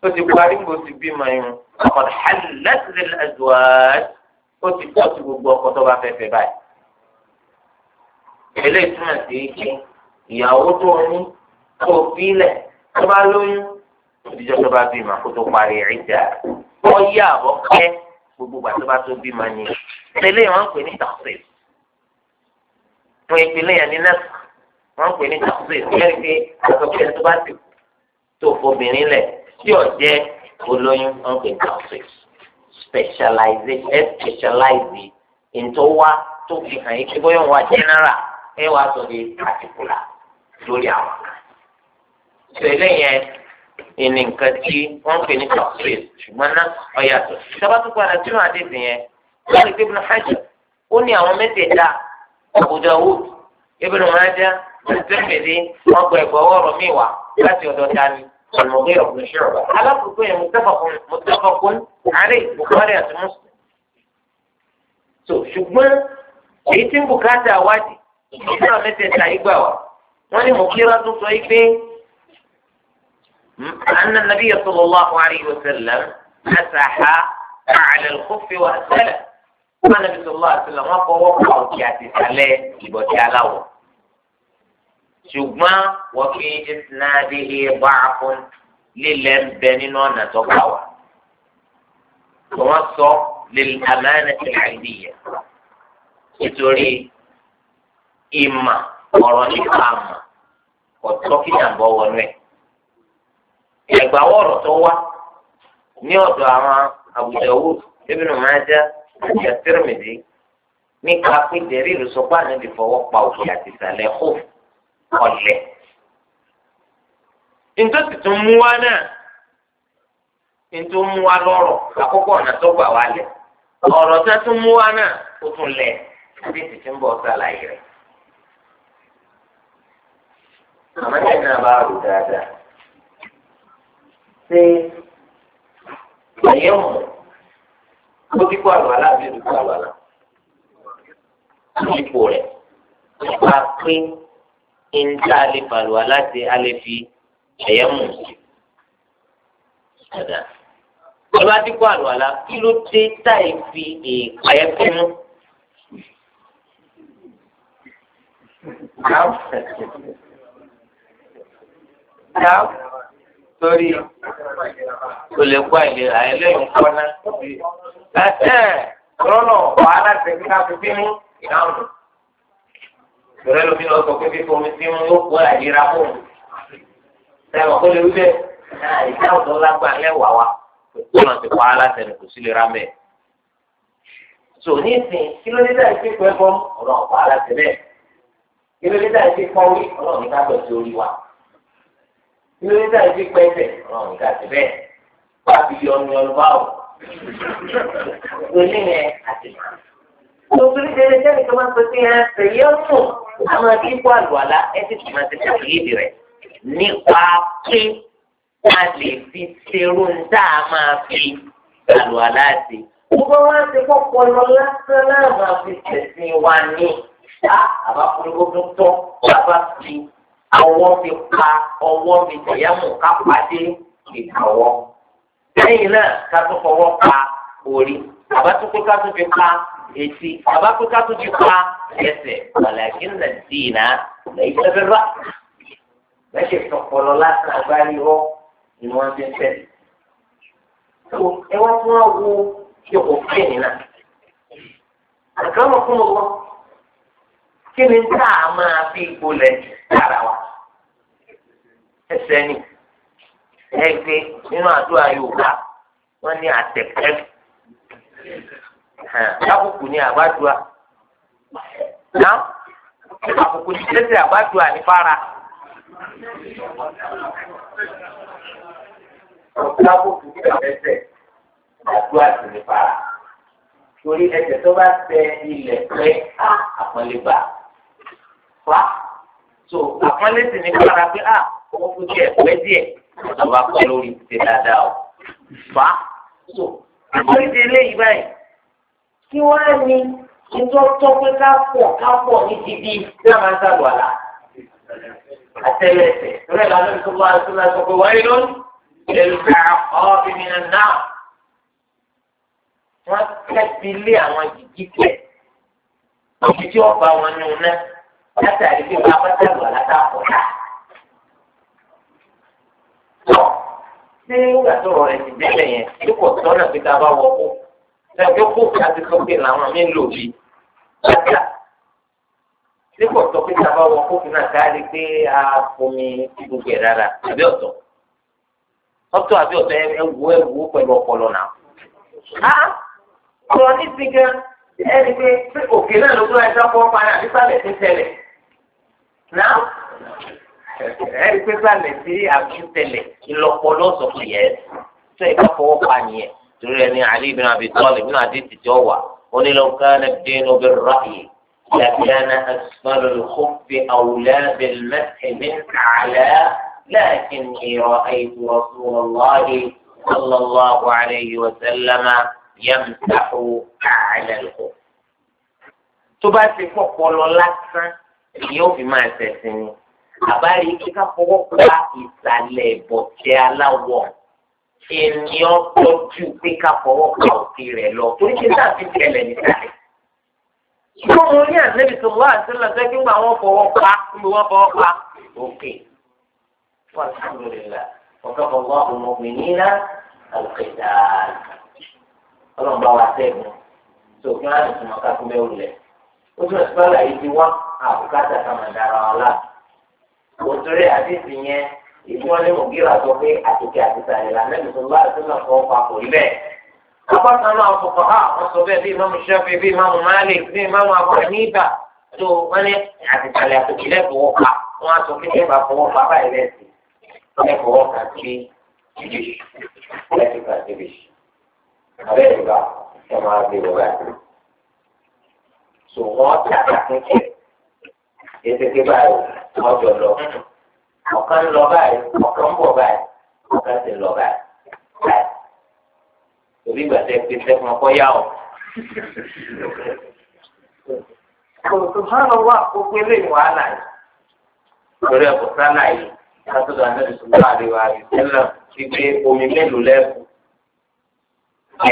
tó ti parí kó ti bí ma yun ọkàn hàlẹ́tìlẹ́ ẹ̀dùwàd ó ti tọ́ sí gbogbo ọkọ tó bá fẹ́ fẹ́ báyìí. eléyìí túmọ̀ sí ike ìyàwó tó o ní tó o fi lẹ̀ tó bá lóyún òdìjọ́ tó bá bí ma kó tó parí ìdá wọ́n yí àbọ̀ kẹ́ gbogbo gbà tó bá tó bí ma ni eléyìí wọ́n pè ní tàṣẹ fún ìpínlẹ̀ yẹn ní nẹ́ẹ̀sì wọ́n pè ní tàṣẹ ìpínlẹ̀ pé àtọ́kẹ́ tó bá ti tó fobìnrin lẹ̀ tí ò jẹ́ olóyún wọn pè taofix specialize specialize ntọ́ wá tó fi hàn yín pé bóyá wọn wá general ẹ wá sọ di particular lórí àwọn kan. ìṣẹ̀lẹ̀ yẹn ìní nǹkan tí wọ́n pè ní taofix ṣùgbọ́n náà ọ̀yàtọ̀ ìjọba tó padà sínú àdéhùn yẹn wọ́n lè gbé ibùdó hajj ó ní àwọn mẹ́tẹ̀ẹ̀ta Abu Dawud Ibn Majah àti Tirmidhi wọ́n gba ẹ̀gbọ́n ọ̀rọ̀ mi wá láti ọ̀dọ̀ dání. والمغيرة بن شعبة على كل متفق متفق عليه بخاري àti Muslim so ṣùgbọ́n èyí tí ń bùkátà wádìí ìdílé àwọn mẹ́tẹ̀ẹ̀ta ìgbà wa أن النبي صلى الله عليه وسلم مسح على الخف وأسفله. النبي صلى الله عليه وسلم وقوى وقوى وكياتي سالي يبوتي على وقوى ṣùgbọ́n wọ́n fi ìsìnàdé ìbá àfún lílẹ̀ ń bẹ nínú ọ̀nà tó gbà wá. wọ́n sọ lẹ́lẹ́mẹ́rin ti àìdí yẹ. nítorí ìmọ̀ ọ̀rọ̀ nípa àmọ̀ ọ̀tọ́ kí nàbọ̀ wọnú ẹ̀. ẹ̀gbà wọ̀rọ̀ tó wá ní ọ̀dọ̀ àwọn Abu Dawud Ibn Majah àti Tirmidhi nípa pé jẹ́rìí ló sọ fọwọ́ pa òkè àti ìsàlẹ̀ kófù. ọ̀lẹ̀. ntọ́sí tún mú wa náà ntọ́ mú wa lọ́rọ̀ àkọ́kọ́ ọ̀nà tó gbà wá lẹ̀ ọ̀rọ̀ tó tún mú wa náà ó tún lẹ̀ àti tìtì ń bọ̀ sàlàyé rẹ̀. àmọ́ ẹ̀yìn náà bá rò dáadáa ṣé ẹ̀yẹ́ mọ̀ ó ti kó àlọ́ aláàbí ìjà alẹ́ balùwà láti alẹ́ fi ẹ̀yẹ́ mú padà. Bọ́lá ti kọ́ àlùwàlá kí ló dé táì fi ìpàyẹ́ fínú. Dáàbò torí o lè kó àìlera ẹlẹ́yìn kọ́ná. Bàtẹ́ rọ́nà wàhálà tẹ̀síkà fífínú ìdáhùn ìrẹ́ lómi lọ sọ pé fífi omi sí wọn yóò kó àyíra fún un sẹ́wọ̀n kó lè wí bẹ́ẹ̀ náà ìjà ọ̀dọ́ lágbà lẹ́wàá wa tó náà ti pa á láti ẹnu kò sí lè ra mẹ́ẹ̀. tò ní ìsìn kí ló dé dá ìpín pẹ́ bọ́ ọ̀rọ̀ ọ̀pá láti bẹ́ẹ̀ kí ló dé dá ìpín pọ́ wí ọlọ́run ní ká bẹ̀ sí orí wa kí ló dé dá ìpín pẹ́ tẹ̀ ọlọ́run ní ká ti bẹ́ẹ̀ wá fi yọnu yọnu báwò oníyẹn àti mo fi rí àwọn ẹbí kó àlùwàlá ẹbí tó máa ti tẹ̀lé èdè rẹ̀ nípa pé a lè fi ṣerú ń dá a máa fi àlùwàlá sí. Gbogbo wa ti kọ́kọ́ lọ lásán náà máa fi tẹ̀sìn wa ní. Á àbá polówó tó tọ́ bàbá fi ọwọ́ fi pa ọwọ́ mi tẹ̀yẹ́mù ká pàdé ìdáwọ́. Lẹ́yìn náà ká tún fọwọ́ pa orí. Àbá tún pé ká tún fi pa etí bàbá pé ká tún ti pa ẹsẹ̀ wàlàkì nà dìínà lẹ́yìn tẹ́fẹ́ rà lẹ́sẹ̀ tọpọlọ lásán agbáríwọ ni wọ́n ti ń fẹ́. ẹ wá fún wa wo ṣe òfin nínà àkàrà fún wọn kí ni tá a eh, máa fi gbolẹ̀ dára wa ẹsẹ̀ ni ẹ gbé nínú àdúrà Yorùbá wọ́n ní àtẹ̀kẹ́ lákòókò ní àbádùá ná àkókò ní tẹ́tẹ́ àbádùá ní fara. lákòókò ní tẹ́tẹ́ àdúrà sí ní fara torí ẹsẹ̀ tó bá tẹ ilẹ̀ pẹ́ àpọ́nlébà wá so àpọ́nlé sì ní fara pé à owó fún díẹ̀ pẹ́ díẹ̀ ọ̀nà bá pẹ́ lórí ti dáadáa o fa so àpọ́nlé ti eléyìí báyìí kí wọ́n á ní ètò ọ̀tọ̀ pé ká pọ̀ ká pọ̀ ní dìbí tí a máa ń sàlù àlà. àtẹlẹsẹ lórí ìlànà ìṣòwò àti ìṣòwò àti ìṣòwò wáyé lónìí ìlú kàrà ọ́ bíbí náà. wọ́n tẹ́tí lé àwọn jìjì tẹ̀ òbí tí wọ́n bá wọn nù náà látàrí pé wọ́n á bá sàlù àlà tá a pọ̀ ká. ṣé nígbà tó rọrẹ̀ ti délẹ̀ yẹn lóko tọ́nà pé ká bá wọ̀ ẹgbẹ́ kókè àti kókè làwọn mi ń lò bí dáadáa dípò tó pé tá a bá wọ kókè náà ká lè gbé àfomi gbogbo ẹ̀ rárá àbí ọ̀tọ̀ ọ̀tọ̀ àbí ọ̀tọ̀ ẹ wo ẹ wo pẹ̀lú ọpọlọ náà. a sọ ní ti gan ẹni pé òkè náà ló gbọ́dọ̀ ẹja fọwọ́ parí àbí sálẹ̀ ti tẹ̀lẹ̀ náà ẹni pé sálẹ̀ sí àbí tẹ̀lẹ̀ ìlọpọlọ sọ yẹn tó ẹ̀ka fọwọ́ pa nìyẹn torí ẹni Ali bin Abi Talib nínú àdìsí tí ó wà ó ní law kana ad-dinu bir-ra'yi lakana asfalu al-khuffi awla bil-mashi min a'la lakinni ra'aytu rasulallahi sallallahu alayhi wa sallama yamsahu a'la al-khuff. tó bá ti pọ̀pọ̀ lọ lásán èyí ò fi máa ṣẹ̀sìn ni àbárí kíkà fọwọ́ pa ìsàlẹ̀ ìbọ̀tẹ́ aláwọ̀ ènìyàn tọ́jú pé ká fọwọ́ pa òkè rẹ̀ lọ torí pé náà ti tẹ̀lẹ̀ nísàlẹ̀. Ìgbọ́ mo ní ànábì tó wá àtúnlá sẹ́ kí wọ́n fọwọ́ pa kí wọ́n fọwọ́ pa òkè. Wọ́n ti kúrò nílá ọ̀gá fọwọ́ ọmọbìnrin nílá àlùkẹ́dà. Ọlọ́run bá wa sẹ́gun tó kí wọ́n á tún ọ̀ká fún bẹ́ẹ̀ wulẹ̀. Ó tún ẹ̀sùn bá láyé ti wá àbùkátà kàmàdára wa láàbù. Òtúrẹ́ àdéhùn yẹn ìtumọ̀ ní mọ̀kíra sọ pé àtúntì àtúntà ìlà nẹ́bí sọlá àtúntà kan pa kò rí bẹ́ẹ̀. apáta náà fọkọ ha wọn sọ bẹ́ẹ̀ bí imáàmù Ṣáfi bí imáàmù Malik bí imáàmù Abu Hanifa tó wọn ní àtìkàlẹ̀ àtòkìlẹ̀ fọwọ́ pa wọn á sọ pé ẹ bá fọwọ́ pa báyìí rẹ̀ sí ẹ fọwọ́ kà sí ọ̀kan ń lọ báyìí ọ̀kan ń bọ̀ báyìí ọ̀kan ti ń lọ báyìí báyìí torí ìgbà tẹ pé sẹ́fún ọkọ yá o. kòtò hánà wà gbogbo eléyìí wàhálà yìí lórí ẹ̀kọ́ sánà yìí látọ̀dọ̀ ànábì sọ̀rọ̀ àríwá ìṣẹ̀lẹ̀ gbígbé omi mélòó lẹ́kùn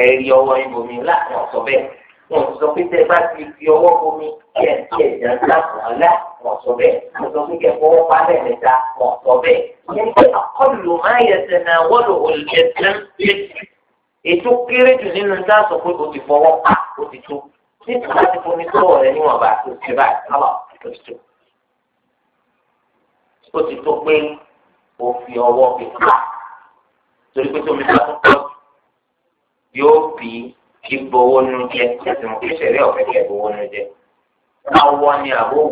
ẹ̀rí ọwọ́ ibòmí láàrin ọ̀sọ̀ bẹ́ẹ̀ wọn ò sọ pé tẹ bá ti fi ọwọ́ bomi kí ẹ kí ẹ jà ń dàpọ̀ ọ̀la wọ́n sọ bẹ́ẹ̀ mo sọ fún kẹ́kọ̀ọ́ wọ́n pa lẹ́ẹ̀mẹ́ta wọ́n sọ bẹ́ẹ̀ yẹn pé àkọlù máa yẹ sẹ́nà wọ́lò olùjẹ́sán létí ètò kéré jù nínú nígbà sọ pé o ti fọwọ́ pa o ti tó nítorí láti fún mi sọ̀rọ̀ rẹ níwọ̀n bá tó ti bá àlọ́ o ti tó o ti tó pé o fi ọwọ́ fi pa torí pé tómi bá tó pọ̀ yóò bí ìgbowó nu jẹ ẹsìn mọ̀ kí sẹ̀rí ọ̀fẹ́ kẹ́ ìgbowó nu jẹ awọ ni àbówù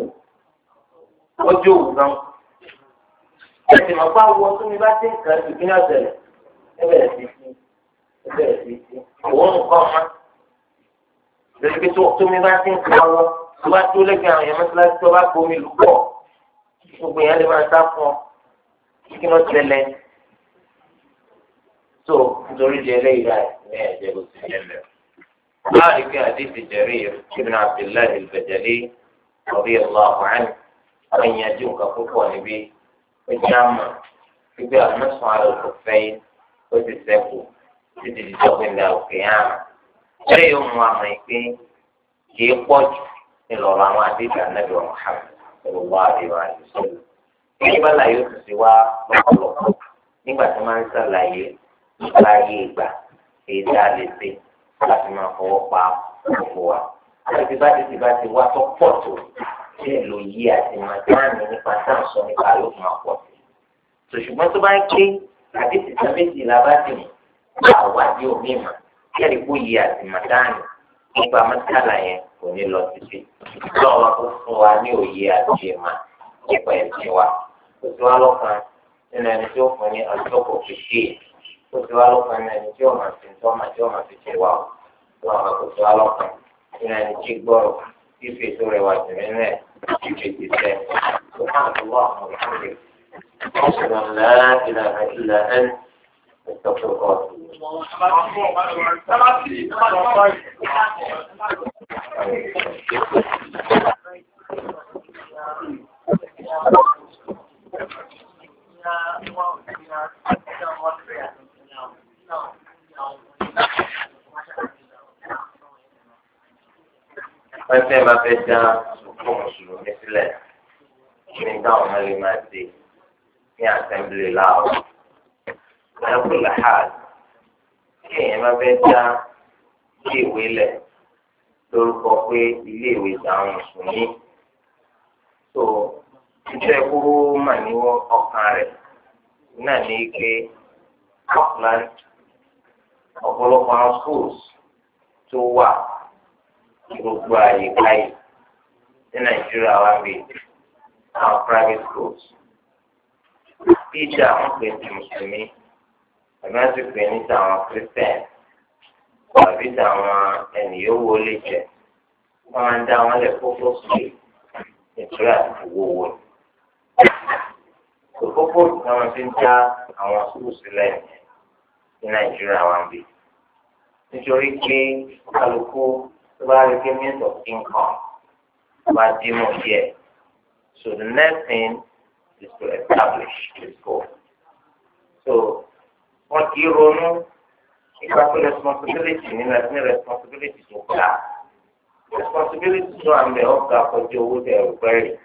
ọjọ́ òwúrọ̀ ẹ̀sìn máa bá wọ tó mi bá dé nǹkan ìpínlẹ̀ ọ̀sẹ̀lẹ̀ ẹ̀bẹ̀rẹ̀ sí sí ẹ̀bẹ̀rẹ̀ sí sí òun nǹkan ọ̀ma lórí pé tó mi bá dé nǹkan wọ tó bá tó lẹ́gbẹ̀ẹ́ àwọn èèyàn mọ́tíláṣí tó bá gbomi lù pọ̀ gbogbo èèyàn lè máa sá fún ọ kí wọ́n tẹ̀lé tó nítorí di eléyìí láì ẹ̀jẹ̀ bó ti jẹ́ mẹ́rin. ذلك حديث جرير ẹ̀yànjú nǹkan púpọ̀ níbí ó jẹ́ àmọ̀ gbígbé àmọ́sùn ara òkú fẹ́yìn ó ti sẹ́kù títí di sọ́gbìnlẹ̀ òkè àmọ̀ ẹ̀rẹ́ yóò mú àmọ̀ ìpín kì í pọ̀ jù ìlọ̀rọ̀ àwọn àdéhùn ànábì Muhammad ìrọ̀lọ́ àdéhùn àdéhùn ìgbà láyé ó sì sí wá lọ́pọ̀lọpọ̀ nígbà tí máa ń sàlàyé láyé ìgbà èyí tá a lè ṣe láti máa fọwọ́ pa òfò wa àti bá ti ti bá ti wá tó pọ̀ tó tí èlò yìí àti màtáàní nípa sáǹsọ nípa yóò máa pọ̀ sí. sòṣùgbọ́n tó bá ń ké àti tìta méjì làbá ti mú àwa ní omi mà kẹ́rì kó yìí àti màtáàní nípa mọ́tàlá yẹn kò ní lọ títí. lọ́wọ́ kó fún wa ní òye àti ìmà nípa ẹ̀sìn wa. ó ti wá lọ́kàn nínú ẹni tí ó fún ní àtọ́kọ̀ fi ṣe é. ó ti wá lọ́kàn nínú ẹni tí ó máa fi ń tọ́ máa tí ó máa fi ṣe wà lọ́wọ́ kó ti wá lọ́kàn nínú ẹni tí gbọ́rọ̀ fífi ètò rẹ̀ wà jù nínú ẹ̀ fífi ètò ìfẹ́. سبحانك اللهم وبحمدك أشهد أن لا إله إلا أنت أستغفرك وأتوب إليك. pẹ́pẹ́ máa fẹ́ dán sùkúrù mùsùlùmí sílẹ̀ ní táwọn ọmọ lè máa ṣe ní assembly láàrọ̀. ẹ̀kú làhàd kí èèyàn máa fẹ́ dán ilé ìwé lẹ̀ lórúkọ pé ilé ìwé táwọn mùsùlùmí. tó iṣẹ́ kúrú mà ní ọkàn rẹ̀ náà ní ike Auckland ọ̀pọ̀lọpọ̀ àwọn schools tó wà gbogbo àyíká yìí ní nàìjíríà wá bí àwọn private schools tíṣà ń pè ní mùsùlùmí àbí wọn ti pè ní tàwọn christian àbí tàwọn ènìyàn wo lè jẹ wọn máa ń dá wọn lẹ fófó sílé nítorí àti wọwọ òfófó táwọn ti ń dá àwọn schools sílẹ̀ ní nàìjíríà wá bí nítorí pé kálukú tó bá rí pé means of income tó bá dé mọ̀ díẹ̀ so the next thing is to establish his goal so wọn kì í ronú nípa pé responsibility nínú ẹsìn responsibility tó gbà responsibility tó àmì ọ̀gá kọjú owó tẹ̀ ẹ̀rù bẹ́rẹ̀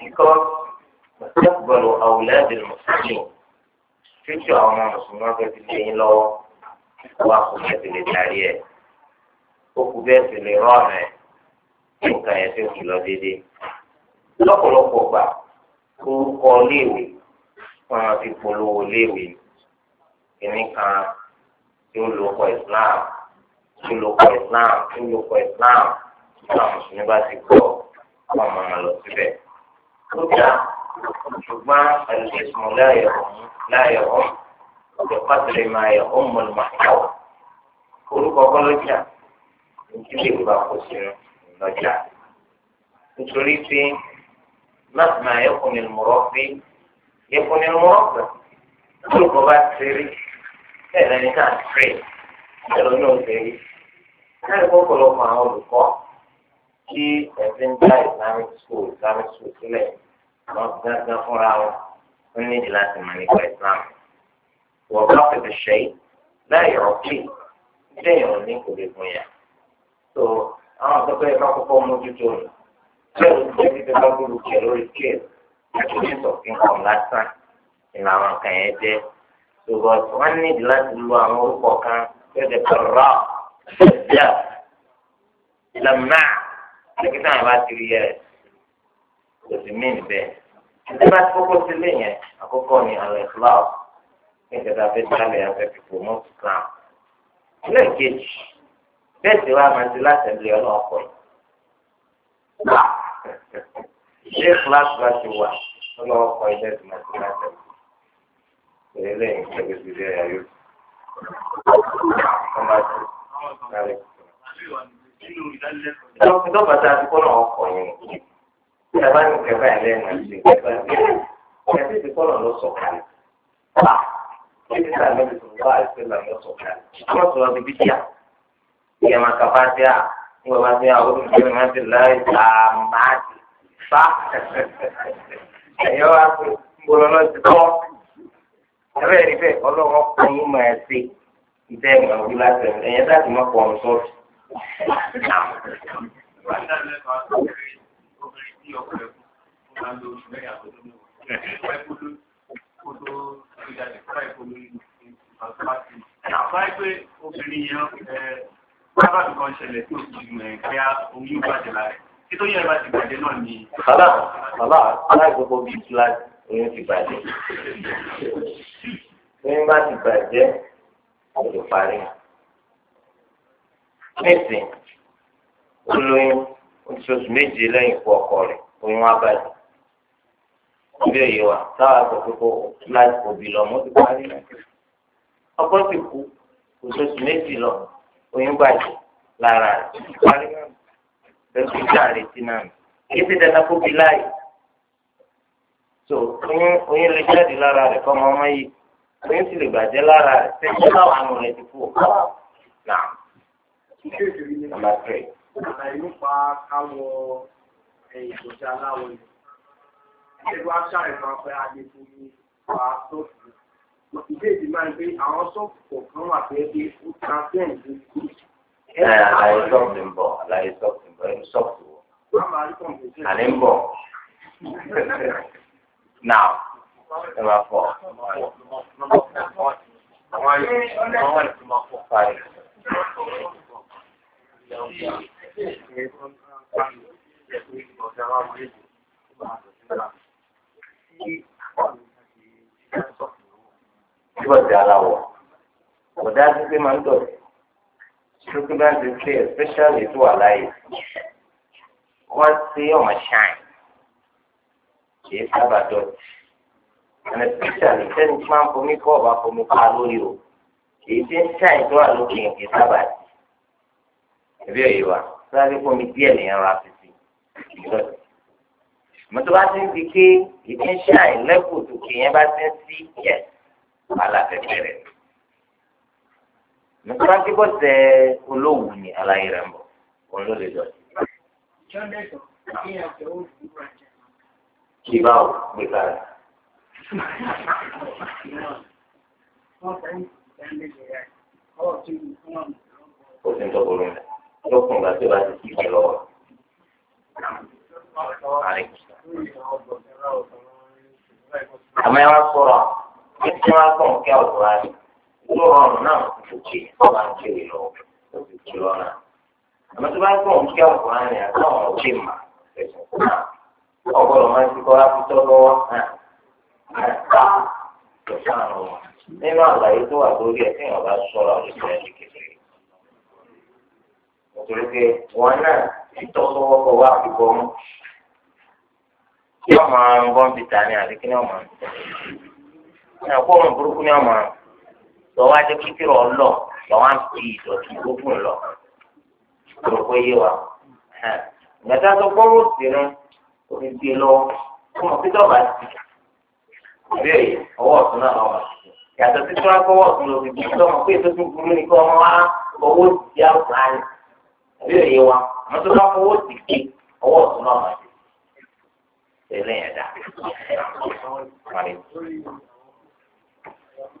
because mustaqbalu awlad al-muslimin future àwọn mùsùlùmí wọn fẹ́ẹ́ fi lé yín lọ́wọ́ wọn kò fẹ́ẹ́ fi lè darí ẹ̀ ó kú bẹ́ẹ̀ sì lè rọrùn ẹ̀ nǹkan yẹn tó kì lọ déédéé lọ́pọ̀lọpọ̀ gbà orúkọ léèwé wọn máa fi polówó léèwé kìnnì kan tí ó lòókọ Islam tí ó lòókọ Islam tí ó lòókọ Islam tí àwọn mùsùlùmí bá ti gbọ́ àwọn ọmọ lọ síbẹ̀ ó dá ṣùgbọ́n àlùfẹ́sùn láàyè ọ̀hún láàyè ọ̀hún ọ̀dọ̀ pàtàkì máa ọ̀hún mọ̀lùmọ̀ àwọ̀ orúkọ kọ́lọ́jà ìdílé ìgbà kò sínú lọ́jà nítorí pé máàmá ẹkùnrin mọ̀rọ́fẹ́ ẹkùnrin mọ̀rọ́fẹ́ tó kọ́ bá tẹ̀lé bẹ́ẹ̀ lẹ́ni náà tẹ̀lé bẹ́ẹ̀ lọ́nà òtẹ̀lé láì kọ́kọ́lọ́kọ́ àwọn olùkọ́ kí ẹ̀sìn dá islamic school islamic school sílẹ̀ wọ́n gángan fúnra wọn wọ́n nídìí láti mọ̀ nípa islam wọ́n bá pèsè ṣẹ́yìn láì rọ̀ pé bẹ́ẹ̀ ò kò lè gun yàrá tó àwọn tó bẹ́ẹ̀ máa kọ́kọ́ mójútó rẹ̀ bẹ́ẹ̀ ló jẹ́ bí bẹ́ẹ̀ bá gbọ́dọ̀ jẹ́ lórí scale àtúnyẹ̀ sọ̀kín kan lásán ìlà àwọn kan yẹn jẹ́ ṣùgbọ́n wọ́n níbi láti lo àwọn orúkọ kan fẹ́ẹ́ kọ̀rọ̀ ṣẹ̀dá lẹ́mà dókítà yẹn bá ti rí ẹ̀ kò sí mí níbẹ̀ ẹ bá ti kọ́kọ́ sílé yẹn àkọ́kọ́ ni àwọn ìfúláwọ̀ nígbà tá a fẹ́ sálẹ̀ afẹ́ fipò mọ́ bẹ́ẹ̀ sì wá máa ń ti látẹ̀lé ọlọ́ọ̀pọ̀ yìí. ṣé kíláàsì bá ti wà ọlọ́ọ̀pọ̀ yìí bẹ́ẹ̀ sì máa ti látẹ̀lé. Èyí lẹ́yìn ìṣẹ́gun ti dé ẹ̀yà yóò. Ọmọ àti kárẹ̀. Ìjọba ta ti kọ́ ọkọ̀ yẹn. Ìjọba ní ìjọba ẹ̀ lẹ́nu àti ìjọba ní ìjọba ti kọ́ lọ sọ̀kalẹ̀. Wà á ti sàmì bá àìsàn lọ sọ̀kalẹ̀. Wọ́n sọ̀rọ̀ bíbí díà kí ẹ máa ka fátíà ní bàbá tí àwọn olùdókòwò máa ti láyé sàmáàtì fa ẹ̀yọ́ wa pé gbọ́dọ̀ náà ti tọ́ ẹ̀rẹ́ rí bẹ́ẹ̀ ọlọ́run kún yín máa ṣe ìdá ẹ̀mọ̀ orí láti ẹ̀mọ̀ ẹ̀yẹ láti má pọ̀ ọ̀run sọ́ọ̀tù. Obìnrin yẹn bábà bí kan ṣẹlẹ̀ tí òkú ìmọ̀ ẹ̀ pé omi yóò bàjẹ́ lára ẹ̀ tí tó yẹ bá ti bàjẹ́ náà ni. bàbá bàbá aláìgbogbo bíi fúláṣí oyún ti bàjẹ́ oyún bá ti bàjẹ́ àgbègbè parí. nísìn olóyún oṣooṣù méje lẹ́yìn ikú ọkọ rẹ̀ oyún wá bàjẹ́ bí òye wa táwa sọ pé kó láti òbí lọ mọ́ ti parí ọkọ sì kú oṣooṣù méjì lọ oyún bàjẹ́ lára rẹ̀ lọ́sùn jáde sí náà kí ti dandan kó bi láàyè so oyún oyún lè jáde lára rẹ̀ kọ́ ọmọ ọmọ yìí oyún sì lè bàjẹ́ lára rẹ̀ sẹ́yìn báwọn àrùn rẹ̀ ti fò náà nàmbà tírì. àlàyé nípa káwọ eh, ìgbọ̀nsẹ̀ aláwọ̀ yìí. ẹ̀rọ aṣáájú máa adé fún mi wàá tó fún mi ìbéèrè ti máa ń pé àwọn sọ́ọ̀fù kan wà pé pé ó transcend ní kú. àlàyé sọ́ọ̀fù ń bọ̀ àlàyé sọ́ọ̀fù ń bọ̀ ẹ̀mí sọ́ọ̀fù àní ń bọ̀. now ẹ máa fọ. Thank you ìbọ̀dì aláwọ̀ ọ̀dà títí máa ń dọ̀tí lókè bá ti ṣe especially tó wà láàyè wọ́n ṣe ọmọ shine kìí sábà dọ̀tí and especially sẹ́ni tí máa ń fomi kọ́ ọ̀bá fomi pa lórí o kìí ṣe ń shine tó wà lókè yẹn kìí sábà dì ẹ̀bí ẹ̀yẹ wa sáré fomi díẹ̀ nìyẹn ra títí ìdọ̀tí mọ̀tò bá ti ń di pé ìdí ń shine lẹ́kùn tó kìí yẹn bá ti ń sí yẹn wàhálà tẹ̀tẹ̀ rẹ̀. nígbà tí bọ́ tẹ olówùú ni aláyé rẹ̀ ń bọ̀ òun ló lè dọ̀tí. kí o gbé kára. òfin tó burú mi lókun ìgbà tí o bá ti kí ìfẹ́ lọ́wọ́. àmọ́ ẹ wá sọ̀rọ̀ ní tí wọ́n á kọ̀ ọ̀tún á ní ìlú ọ̀run náà kò kí wọ́n máa ń kiri lọ ó sì kí lọ́nà. àmọ́ tí wọ́n á kọ̀ ọ̀tún á ní àti àwọn ọ̀kí mà ẹ̀sìn kù náà ọ̀gbọ́dọ̀ máa ń ti kọ́ lápútọ́ lọ́wọ́ nínú àlàyé tó wà lórí ẹ̀ téèyàn bá sọ̀rọ̀ àwọn ìṣẹ̀lẹ̀ ní kékeré. nítorí pé wọn náà ìtọ́sọ́wọ́ kọ wá àdúgbò kí wọ́n máa ń ta ni àbí kí wọ́n máa ń tẹ̀lé ẹ̀kọ́ ọ̀rọ̀ burúkú ni ọmọ lọ́wọ́ ajé kíkìrọ̀ ọlọ́ lọ́wọ́ àti ìdọ̀tí gbogbo ńlọ. Ìrọ̀pọ̀ yé wa. Ìgbàdá tó gbọ́rọ̀ òsèré kò fi gbé lọ fún ọ̀pítọ́ bá ti. Ìbéèrè ọwọ́ ọ̀tún náà lọ́wọ́. Yàtọ̀ sí tó akọ́wọ́ ọ̀tún ló fi gbé lọ́mọ pé ètò tó burú ni kí ọmọ wa owó ti á pa ni. Ìbéèrè wa. Àwọn tó bá fọwọ́ ti ké ọwọ́ ọ̀tún náà máa ti. Ṣé lẹ́yìn ẹ̀dá?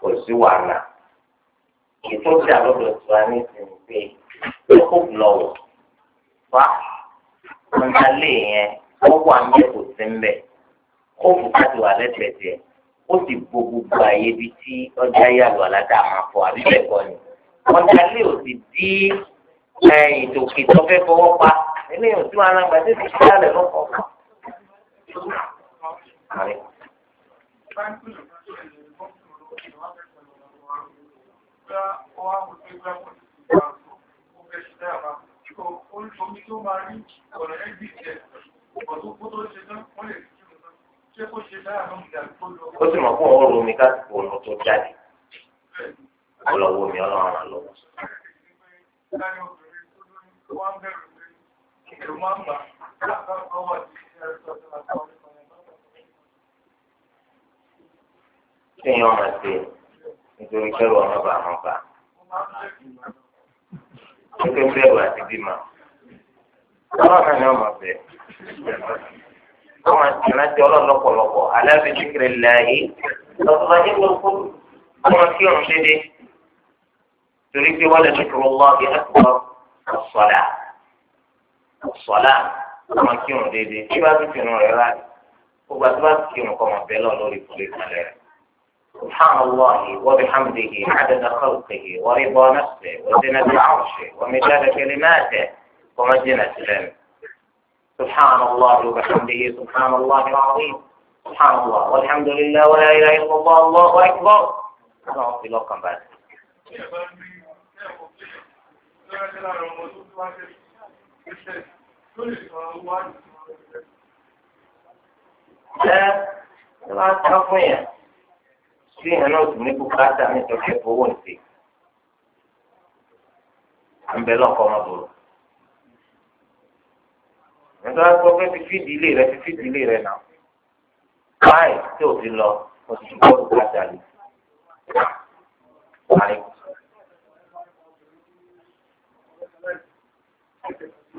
kò sí wàhálà ìtọ́jú àlọ́dọ̀ tí wàá ní ìsinmi pé kókó lọ́wọ́ wá ọ̀nàlẹ́ yẹn ó wà kò sí ń bẹ̀ ó fi káàdì wà lẹ́sẹ̀ ó sì bo gbogbo àyè ibi tí ọjà yàgò aládà máa fọ àbí bẹ́ẹ̀ kọ́ ni ọ̀nàlẹ́ ò sì dí ètò kìtọ́ fẹ́ fọwọ́ pa ilé yóò tún ara gbà títí sí alẹ́ lọ́kọ̀. ó sì mọ̀ fún ọ̀rọ̀ omi ká sì fòun tó jáde ọlọ́wọ́ mi ọlọ́run àlọ́ remember, kéèyàn máa ṣe nítorí kẹrù ọmọ bá wọn bá gẹ́gẹ́ bí ẹwà ti bímọ Ọlọ́run náà ni ọmọ bẹ wọn máa ti rántí Ọlọ́run lọ́pọ̀lọpọ̀ alábìsíkiri láàyè lọsọlá ní gbogbo wọn máa kí ọrùn dédé torí pé wọn lè ní kúrò lọ bí ẹ̀kọ́ ọsọlá. sọlá ọmọ wọn dédé tí wọn fi kírun rẹ rà gbogbo àti wàá kírun kọ́ ọmọ bẹ lọ lórí ìkọlẹ̀ ìkọlẹ̀ rẹ. سبحان الله وبحمده عدد خلقه ورضا نفسه وزنة عرشه ومداد كلماته ومجنة لنه سبحان الله وبحمده سبحان الله العظيم سبحان الله والحمد لله ولا إله إلا الله الله أكبر أنا أعطي لكم بعد Ẹ ẹ máa tán fún yẹn tí èèyàn náà sì ní bùkátà nítorí ẹ̀kọ́ owó nìkan. À ń bẹ lọ́kọ̀ ọmọ bòrò. Nígbà tó fẹ́ fi fídìí ilé rẹ̀ fi fídìí ilé rẹ̀ náà. Báyìí tí ò ti lọ, mo ti gbọ́ bùkátà lè. Thank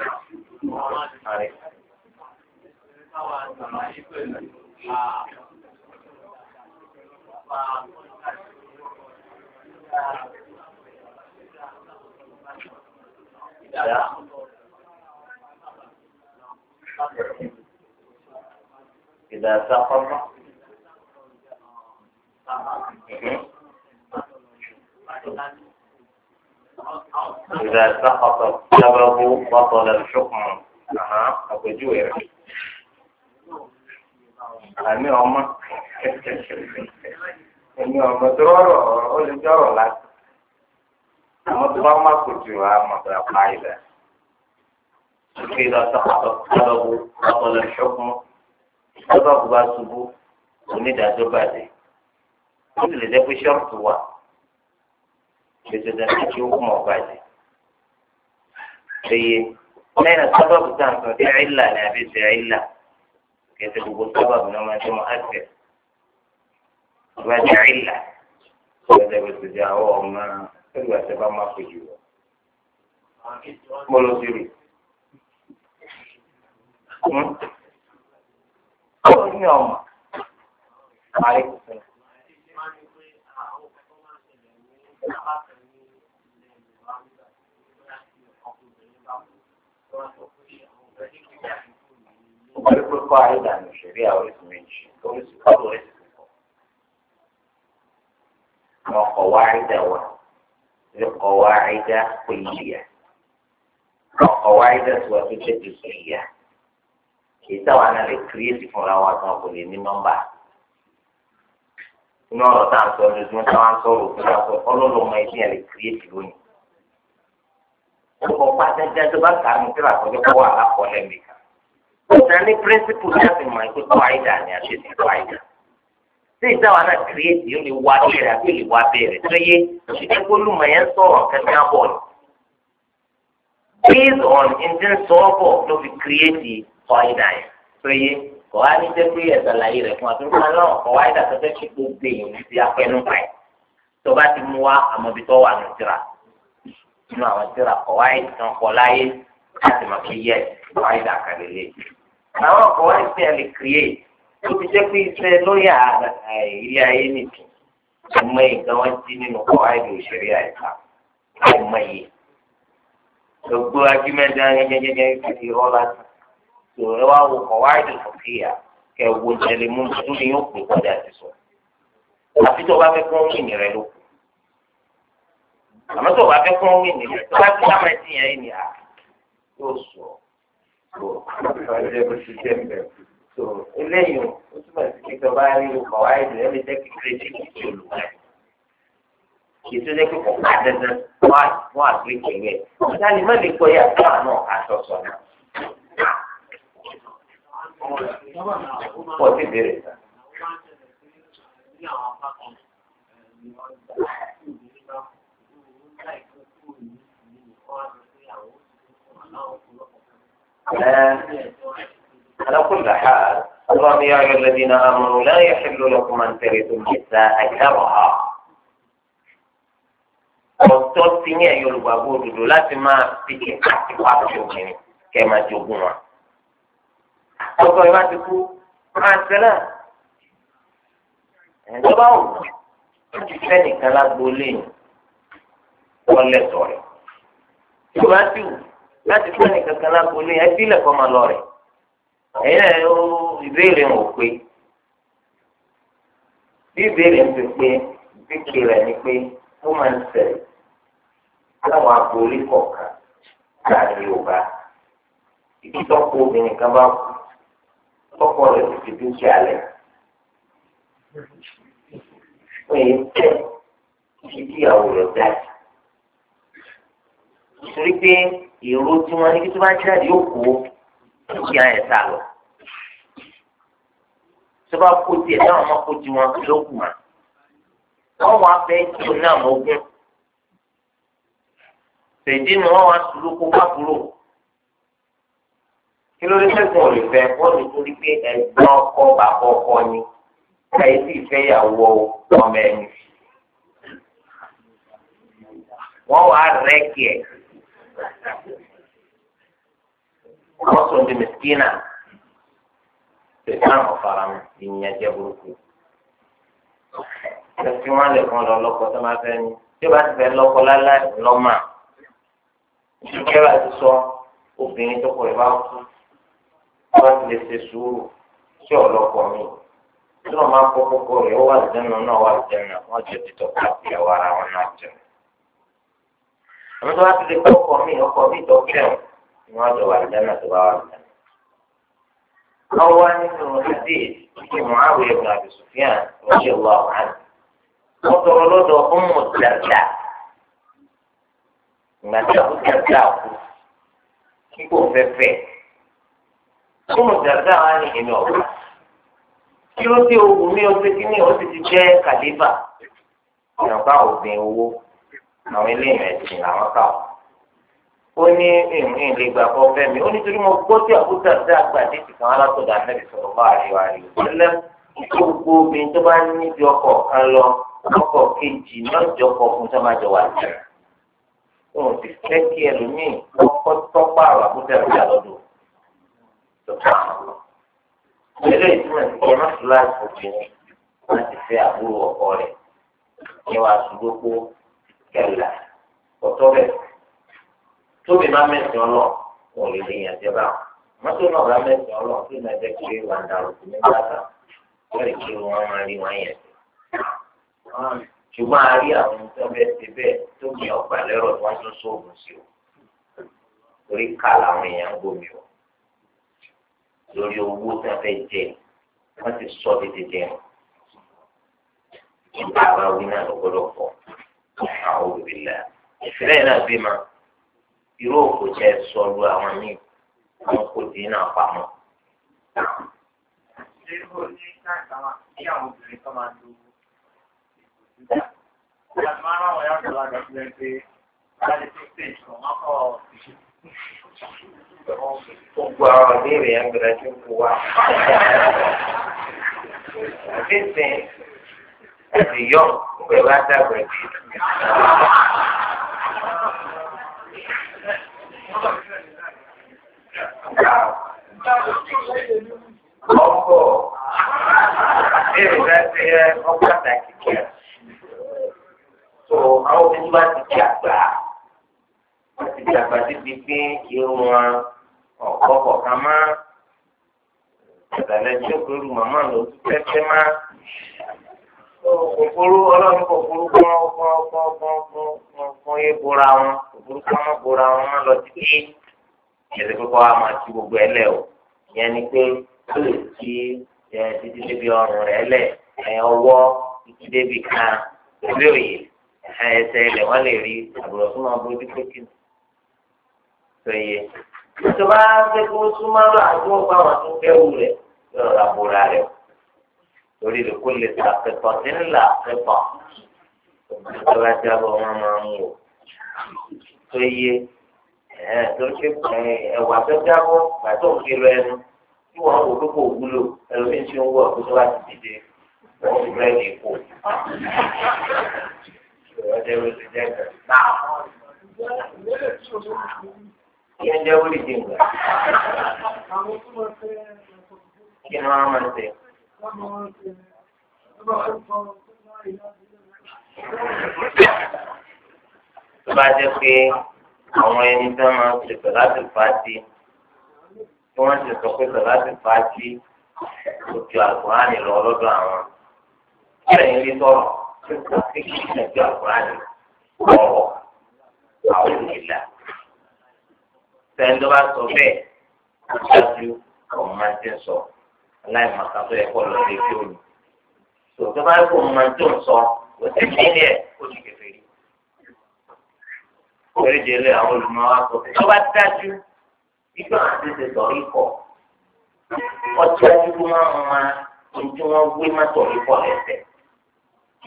Aye. Yeah. إذا سافر Mm-hmm. إذا سقط السبب بطل الحكم أها أبجو àmì ọmọ ẹni ọmọ tó rọrọ ó lè jọrọ láti àwọn tó bá má kò jù wá mọ tó apá ilẹ̀ òkè lọtọ àtọkọlọwọ ọpọlọ ṣọkún lọtọ kó bá ṣubú onídàájọ́ bàjẹ́ ó sì lè jẹ́ pé ṣọ́ọ̀tù wà ètò ìdájọ́ tí ó kún mọ́ bàjẹ́. Ṣèyí lẹ́yìn sábàbù tá à ń sọ sí àìlà ní àbí sí àìlà kẹsì gbogbo sábàbù náà máa ń tó mọ́ àṣẹ. Ìgbà àìlà ìgbàdà ìgbàdà ìgbàdà àwọ̀ ọ̀ma ẹgbẹ́ àti bá máa fojú wọ̀. Mọ́lọ́ sí rí. Ó ní ọmọ. Àríkùsọ̀. Kubarikul qaida ni sheria walifundishi. Kwa hiyo sababu walifundishi. Kama kawaida wa ni kawaida kuingia. Kwa kawaida tuwapite kusikia. Kita wana le create fúnra wa tán kò lè ní nọ́mbà. Inú ọ̀rọ̀ tá à ń sọ ojoojúmọ́ tá à ń sọ̀rọ̀ òfin náà sọ ọlọ́lọ́ ọmọ ẹbí ẹ̀ lè create lónìí. Ó kọ́ pàṣẹ jẹ́ tó bá kà á mi síra àkọ́jọ́ kọ́ wà lápọ̀ lẹ́mìí kan. ọ̀sẹ̀ ní píríncípù láti mọ̀ ikú tó àìdá ni àti èsì tó àìdá. Ṣé ìdáwà náà kìrìẹ́tì ó lè wá bẹ̀rẹ̀ àti ó lè wá bẹ̀rẹ̀ tó yé òṣìṣẹ́ gbólúmọ̀ yẹn sọ̀rọ̀ kẹ́kẹ́ bọ̀ ni. Based on ìdín sọ́ọ̀bọ̀ ló fi kìrìẹ́tì tó àìdá yẹn tó yé kò wá ní jẹ́ pé ẹ̀sàlàyé rẹ̀ fún àtúntò náà kò wá ìdá tẹ́tẹ́ kí gbogbo èèyàn ti apẹ́nu pa ẹ̀ tó bá ti mú wa àmọ́bi tó wà nùtìrà nínú àwọn tìrà kọ̀ wáyé tán kọ̀ láyé láti mọ̀ pé yẹ kọ̀ wáyé dàkàlélẹ́yìn àwọn ọkọ̀ wá sí ẹ̀ lè create ó ti jẹ́ pé iṣẹ́ lórí eh, ilé ayé nìkan àìmọ̀ yìí gan wọ́n ti nínú ọkọ̀ àìlè òṣèré àìsà àìmọ̀ yìí gbogbo agbẹ́mẹ́ta gẹ́gẹ́gẹ́ ti rọ́ láti tó ẹ wá wo ọkọ̀ àìlè òkèèyà kẹ wo tẹlẹ mú tó ní yóò pè kọjá ti sọ àfi tó o bá fẹ́ kó ń rìn rẹ ló kù àmọ́ tó o bá fẹ́ kó ń rìn rẹ tó bá fi láwọn ẹtì yẹn ní à yóò sọ so ìfàlẹ́ bó ti jẹ́ mbẹ́ so eléyìí ó túbọ̀ má lè kọ́ yà tó àná àtọ̀sọ̀ náà. pọ̀ sí ìbéèrè sá. على كل حال الله يا أيها الذين آمنوا لا يحل لكم أن ترثوا النساء كرها ọ̀tọ̀ ti ní ẹ̀yọ́ olùgbàgbọ́ òdodo láti máa fi kíkà ti pa àṣọ obìnrin kẹ́ máa jogún wa. ọkọ ìwà ti kú máa ṣẹlẹ̀ ẹ̀jọba ò wọ́n ti fẹ́ nìkan lágbo lẹ́yìn wọ́n lẹ́tọ̀ọ́ rẹ̀. ìwà ti wù láti fún ẹnì kankan lápolé ẹbí lẹ́kọ̀ọ́ máa lọ rẹ̀ ẹ̀yìn ẹ̀ ó ìbéèrè ń pè bí ìbéèrè ń pè pé ìbéèrè rẹ̀ ni pé ó máa ń ṣẹlẹ̀ láwọn agboolé kọ̀ọ̀kan láàrin Yorùbá ìdítọ́kọ obìnrin kan bá kú ọkọ rẹ̀ ti fi dúkìá lẹ̀ ó yẹ tẹ́ ìdíyàwó rẹ̀ dájú nítorí pé èrò tí wọ́n ní kí tó bá jáde yóò kó dúkìá yẹn sá lọ tó bá kó tiẹ̀ táwọn máa kó tiwọn ló kù mà wọ́n wá fẹ́ kí o náà mọ̀ ogún tèdí nu wọ́n wá sùúrù kó wá búrò kí ló dé sẹ́gun òlè fẹ́ wọ́n ní torí pé ẹ̀gbọ́n ọkọ bàbá ọkọ ni káyé sì fẹ́ yàwó ọmọ ẹni wọ́n wá rẹ́ kí ẹ̀ àwọn tó ń di mẹsìkínà tẹ̀sán ọ̀farahàn ìyẹnjẹ burúkú tẹ̀sí wọn lè fún ọ lọ́kọ tó máa fẹ́ ni tí o bá ti fẹ́ lọ́kọ láláì lọ́mà ìṣúkẹ́ bá ti sọ obìnrin tó kọ̀ ẹ̀ bá kú wọ́n ti lè ṣe sùúrù sí ọ̀lọ́kọ mi tí wọ́n máa kọ́ kókó rẹ̀ ó wà lẹ́nu náà wà lẹ́nu wọ́n jẹ́ títọ́ káàkiri àwọn ara wọn náà jẹun àmọ́ tó bá ti lè kọ́ ọkọ̀ mi ọkọ̀ mi tó fẹ́ ọ ni wọ́n jọ wà lẹ́nà tó bá wà lẹ́nà. ọwọ́ nínú àdé ìdí muhammed ibn abi sufyan wọ́n ṣe wà wọ́n. wọ́n tọrọ lọ́dọ̀ ọmọ dàda ìgbà tí àbú dàda kú kíkó fẹ́fẹ́. ọmọ dàda wà ní ìlú ọ̀gá. kí ló dé ogun mi ó ti kí ti jẹ́ kàlífà. ìyàgbá òbí owó àwọn eléyìí ẹ̀sìn làwọn kà ó ó ní ìrìn lè gbà kọ fẹ́ mi ó nítorí mo gbọ́ tí àbúrò àti àgbà títí kan alátọ̀dá nẹ́bí sọ̀rọ̀ bá àríwá rí lẹ́lẹ́ gbogbo obìnrin tó bá níbi ọkọ̀ kan lọ ọkọ̀ kejì náà jọ kọ fún tó má jọ wà jẹ́ òun ti fẹ́ kí ẹlòmíì kọ́kọ́ tọ́pọ̀ àrò àbúrò àti àlọ́dún tó kà á lọ. eléyìí túmọ̀ sí ẹ̀rọ fúláṣí obìnrin láti fẹ́ àbúrò ọkọ rẹ̀ ní wàá ṣùgbọ́n kẹlà ọ̀tọ̀ bẹ̀ tóbi máa mẹ́sìn ọlọ́ wọn lè lè yàn jẹba mọ́tò náà bá mẹ́sìn ọlọ́ tó náà jẹ́ pé wà ń darọ̀ sí nígbà tá wọ́n lè kí wọ́n máa rí wọn yẹn ṣùgbọ́n a rí àwọn tó bẹ́ẹ̀ ti bẹ́ẹ̀ tó mi ọ̀gbà lẹ́rọ tí tún sóògùn sí o torí ká làwọn èèyàn gbòmí o lórí owó tí wọ́n fẹ́ jẹ wọ́n ti sọ tètè jẹun ìgbà àwọn awí náà lọ́gbọ́dọ̀ pọ̀ àwọn òbílẹ̀ ìfìlẹ̀ yìí náà bímọ irú òkú jẹ́ sọ̀rọ̀ àwọn míì àwọn kò dín náà pamọ́. Gbogbo àwọn ìbéèrè yẹn gbẹdẹ tó kú wa. Àbí ẹ̀sìn yọ pẹ̀lú àdàgbà ẹ̀sìn. Ọ̀pọ̀ ìrìnà ti yẹ ọgbà pàtàkì kíá. So àwọn obìnrin bá ti di àgbà. Wọ́n ti di àgbà títí pé irun wọn ọ̀pọ̀ kọ̀ọ̀kan máa. Ìgbàlejò pẹ̀lú màmá ló tẹ́tẹ́ máa òfurú ọlọ́run kò furú kán kán kán kán kán kán yé bora wọn òfurú kán má bora wọn má lọ sí pé ẹsẹ̀ pé kọ́ wa máa ti gbogbo ẹ lẹ̀ o ìyẹn ni pé ó lè ti títí débi ọrùn rẹ̀ lẹ̀ ẹ̀ ọwọ́ títí débi kan ìwé òye ẹsẹ̀ ilẹ̀ wọ́n lè rí àbúrò tó máa bójú pé kí ni. tó yẹ tó bá fẹ́ kó súnmọ́ lọ àdúgbò bá wọn tó fẹ́ wù rẹ̀ yọ̀ọ̀ra bora rẹ̀ o torí lè kó lè ta akẹ́kọ̀ọ́ tí ń là akẹ́kọ̀ọ́ ìjọba jábọ̀ wọn máa ń wò tó yé ẹ̀ tó ṣe ẹ̀wà tó jábọ̀ pàtó òkèrè ẹnu tí wọ́n wò lóko òwúlò ẹlòmíín tí ó ń wọ̀ kó tó bá ti dìde wọ́n ti rẹ́ ní ipò. Ìyẹn jẹ́ wọ́n lè dé ìgbà. Kí ni wọ́n máa ń ṣe? tó bá jẹ́ pé àwọn ẹni tó máa ń ṣe sọ̀láṣì fàájì tí wọ́n ti sọ pé sọ̀láṣì fàájì kò ju àgùránì lọ lọ́dọ̀ àwọn kí ẹ̀yin lè sọ̀rọ̀ kí kí kí ju àgùránì ọ̀rọ̀ àwọn ìlà sẹ́ni tó bá sọ bẹ́ẹ̀ kó dájú ọ̀hún máa ti sọ aláìmọ̀kan tó yẹ kó lọ lé kí òní. tòótọ́ bá kó máa tó ń sọ kó sì ní ilé ẹ̀ kó sì kẹfẹ́ rí. oríṣi ilé àwọn olùmọ̀ wa sọ pé ọba dájú ikú àwọn àtẹ̀tẹ̀ sọ ikọ̀ ọtí ajúgbó máa ń ma ohun tí wọ́n gbé má tọ̀ ikọ̀ lẹ́sẹ̀.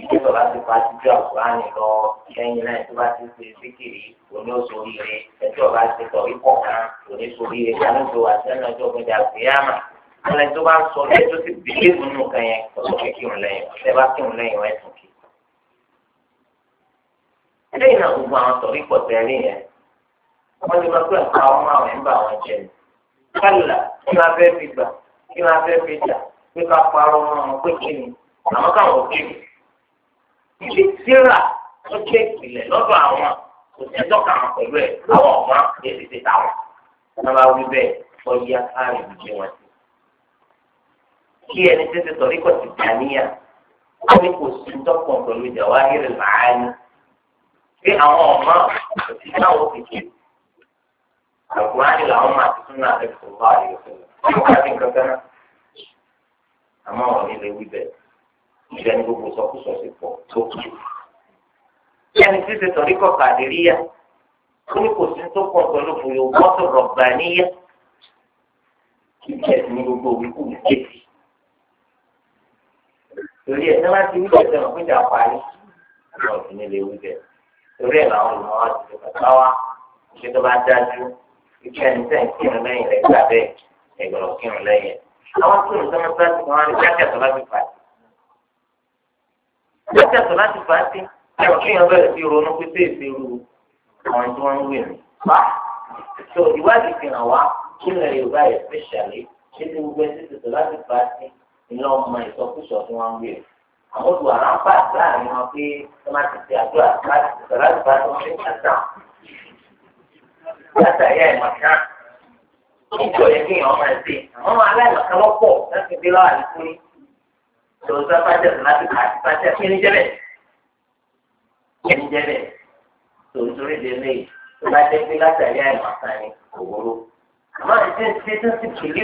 ìdí bàbá ti pa àtijọ́ àkùránì lọ lẹ́yìn náà tó bá ti ṣe síkìrì òní òṣòrí rẹ̀ ẹjọ́ bá ti tọ̀ ikọ̀ kan òní òṣòrí rẹ̀ kanú alẹ́ tó bá sọ bẹ́ẹ̀ tó ti bìlẹ̀ nínú kan yẹn kọ́sọ́ pé kí n lẹ́yìn ọ̀sẹ̀ bá kí n lẹ́yìn ọ̀ ẹ̀sùn kí. lẹ́yìn náà gbogbo àwọn sọ̀rí pọ̀ tẹ́lẹ̀ yẹn wọ́n ti máa pẹ́ ẹ̀ka ọmọ àwọn ẹ̀ ń bá wọn jẹ kálá kí n afẹ́ fi gbà kí n afẹ́ fi jà pé ká parọ́ mọ́ ọmọ pé kí ni àwọn káwọn ò kéwì. ìdí síra ó jẹ́ ìpìlẹ̀ lọ́dọ̀ àwọn kò sí ẹjọ́ kan pẹ̀lú kí ẹni tẹ́tí sọ̀rí kò sì dàníyà wọ́n ní kò sí tọ́pọ̀ pẹ̀lú jawahir al-maani pé àwọn ọmọ òsì táwọn òkèké àgùránì làwọn máa ti tún náà lẹ́kọ̀ọ́ sọ̀rọ̀ àyè òṣèlú wọ́n wá sí kankan náà àmọ́ wọn ní lè wí bẹ́ẹ̀ ní gbogbo sọkúsọ sí pọ̀ tó kù. ẹni tẹ́tí sọ̀rí kò kàdíríyà wọ́n ní kò sí tọ́pọ̀ pẹ̀lú fòyò bọ́tò rọ̀gbà níyà kí ẹ̀sìn ní gbogbo òwúkú kéèkì torí ẹ̀ sábà ti wíjẹ̀ sẹ́wọ̀n fún ìjà parí àwọn òfin lè wíjẹ̀ torí ẹ̀ làwọn olùmọ̀ wá ti tẹ̀sán bá wá ṣé tó bá dájú iṣẹ́ ẹni tẹ̀ ń kírun lẹ́yìn rẹ̀ gbà bẹ́ẹ̀ ẹ̀gbọ̀rọ̀ kírun lẹ́yìn àwọn tó ń sọmọ sáà ti kàn wá ní kíákíá tó láti fà á kíákíá tó láti fà á sí ẹ̀rọ kí èèyàn bẹ̀rẹ̀ sí ronú pé sí èsì ru àwọn tí wọ́n ń wé mi pa tó ìwádìí fi hàn wá kí ilẹ̀ Yorùbá especially ṣé ti gbogbo ẹni tó láti fà á sí iná ọmọ ìsọkúsọ tí wọ́n ń gbé àwọn tó àwọn pàṣẹ láàrin wọn pé wọ́n máa ti ṣe àdúrà bàrà ìbá tó ń ṣe kàtà kàtà ìyá ìmọ̀ká níjọ yẹ kí èèyàn máa ṣe àwọn aláìmọ̀ká lọ́pọ̀ láti dé lọ́wọ́ àdìpé lọ́sọ̀ pàṣẹ láti pàṣẹ pàṣẹ kí ní jẹ́bẹ̀ kí ní jẹ́bẹ̀ tòótórí délé tó bá jẹ́ pé látà ìyá ni kò wúrú àmọ́ ìṣe ìṣe tó ti kìlì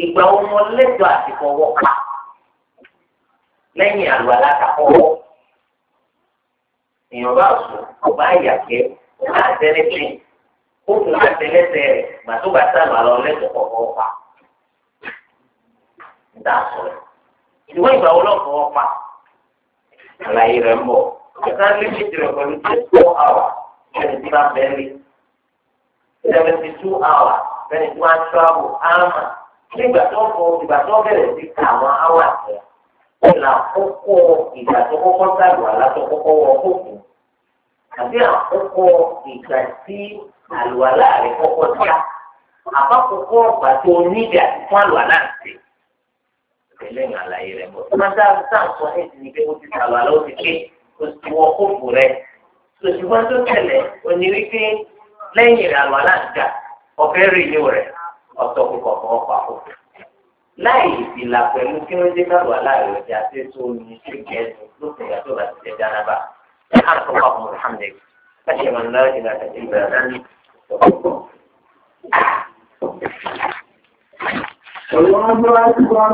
ìgbà ọmọ lẹ́tọ̀ àti fọwọ́ pa lẹ́yìn àlọ́ alátakọ́wọ́ èèyàn bá sùn ọba àyàkẹ́ ọba àtẹlẹsẹ ó tún àtẹlẹsẹ rẹ gbàtógbà sábà lọ lẹ́tọ̀ fọwọ́ pa níta sọ̀rọ̀ ìwé ìgbà ọlọ́fọwọ́ pa àlàyé rẹ̀ ń bọ̀ ọ̀sán límítì rẹ̀ pẹ̀lú twenty four hours ẹni tí wọ́n bẹ́ẹ̀ lé seventy two hours ẹni tí travel áàmà nígbà tó kọ ìgbà tó bẹ̀rẹ̀ sí ká àwọn áwà tẹ̀ ìlà àkókò ìgbà tó kọ́kọ́ sàlù àlátó kọ́kọ́ wọ kókò àbí àkókò ìgbà tí àlùwàlá rẹ̀ kọ́kọ́ já àbákòókò ọ̀gbà tó níbi àti fún àlùwàlá rẹ̀ tẹ̀lé ní àlàyé rẹ̀ mọ́. Ṣé máa dáa sáà sọ ní ìsinmi pé ó ti sàlù àlọ́ ó ti ké ó ti wọ kókò rẹ̀. Ṣòṣùgbọ́n tó tẹ̀lé òní lẹ́yìn ìrànwọ́ ọ̀tọ̀ kò kọ̀ fọwọ́ papọ̀. láì ìdìlà pẹ̀lú kí wọ́n dé káwọ́ aláàrẹ̀ ọ̀dẹ àti ètò omi ṣe gẹ̀ẹ́sì lópin ìgbà tó bá ti tẹ̀ dáná bá. ẹ á kọ́ wa fún Muhammed káṣí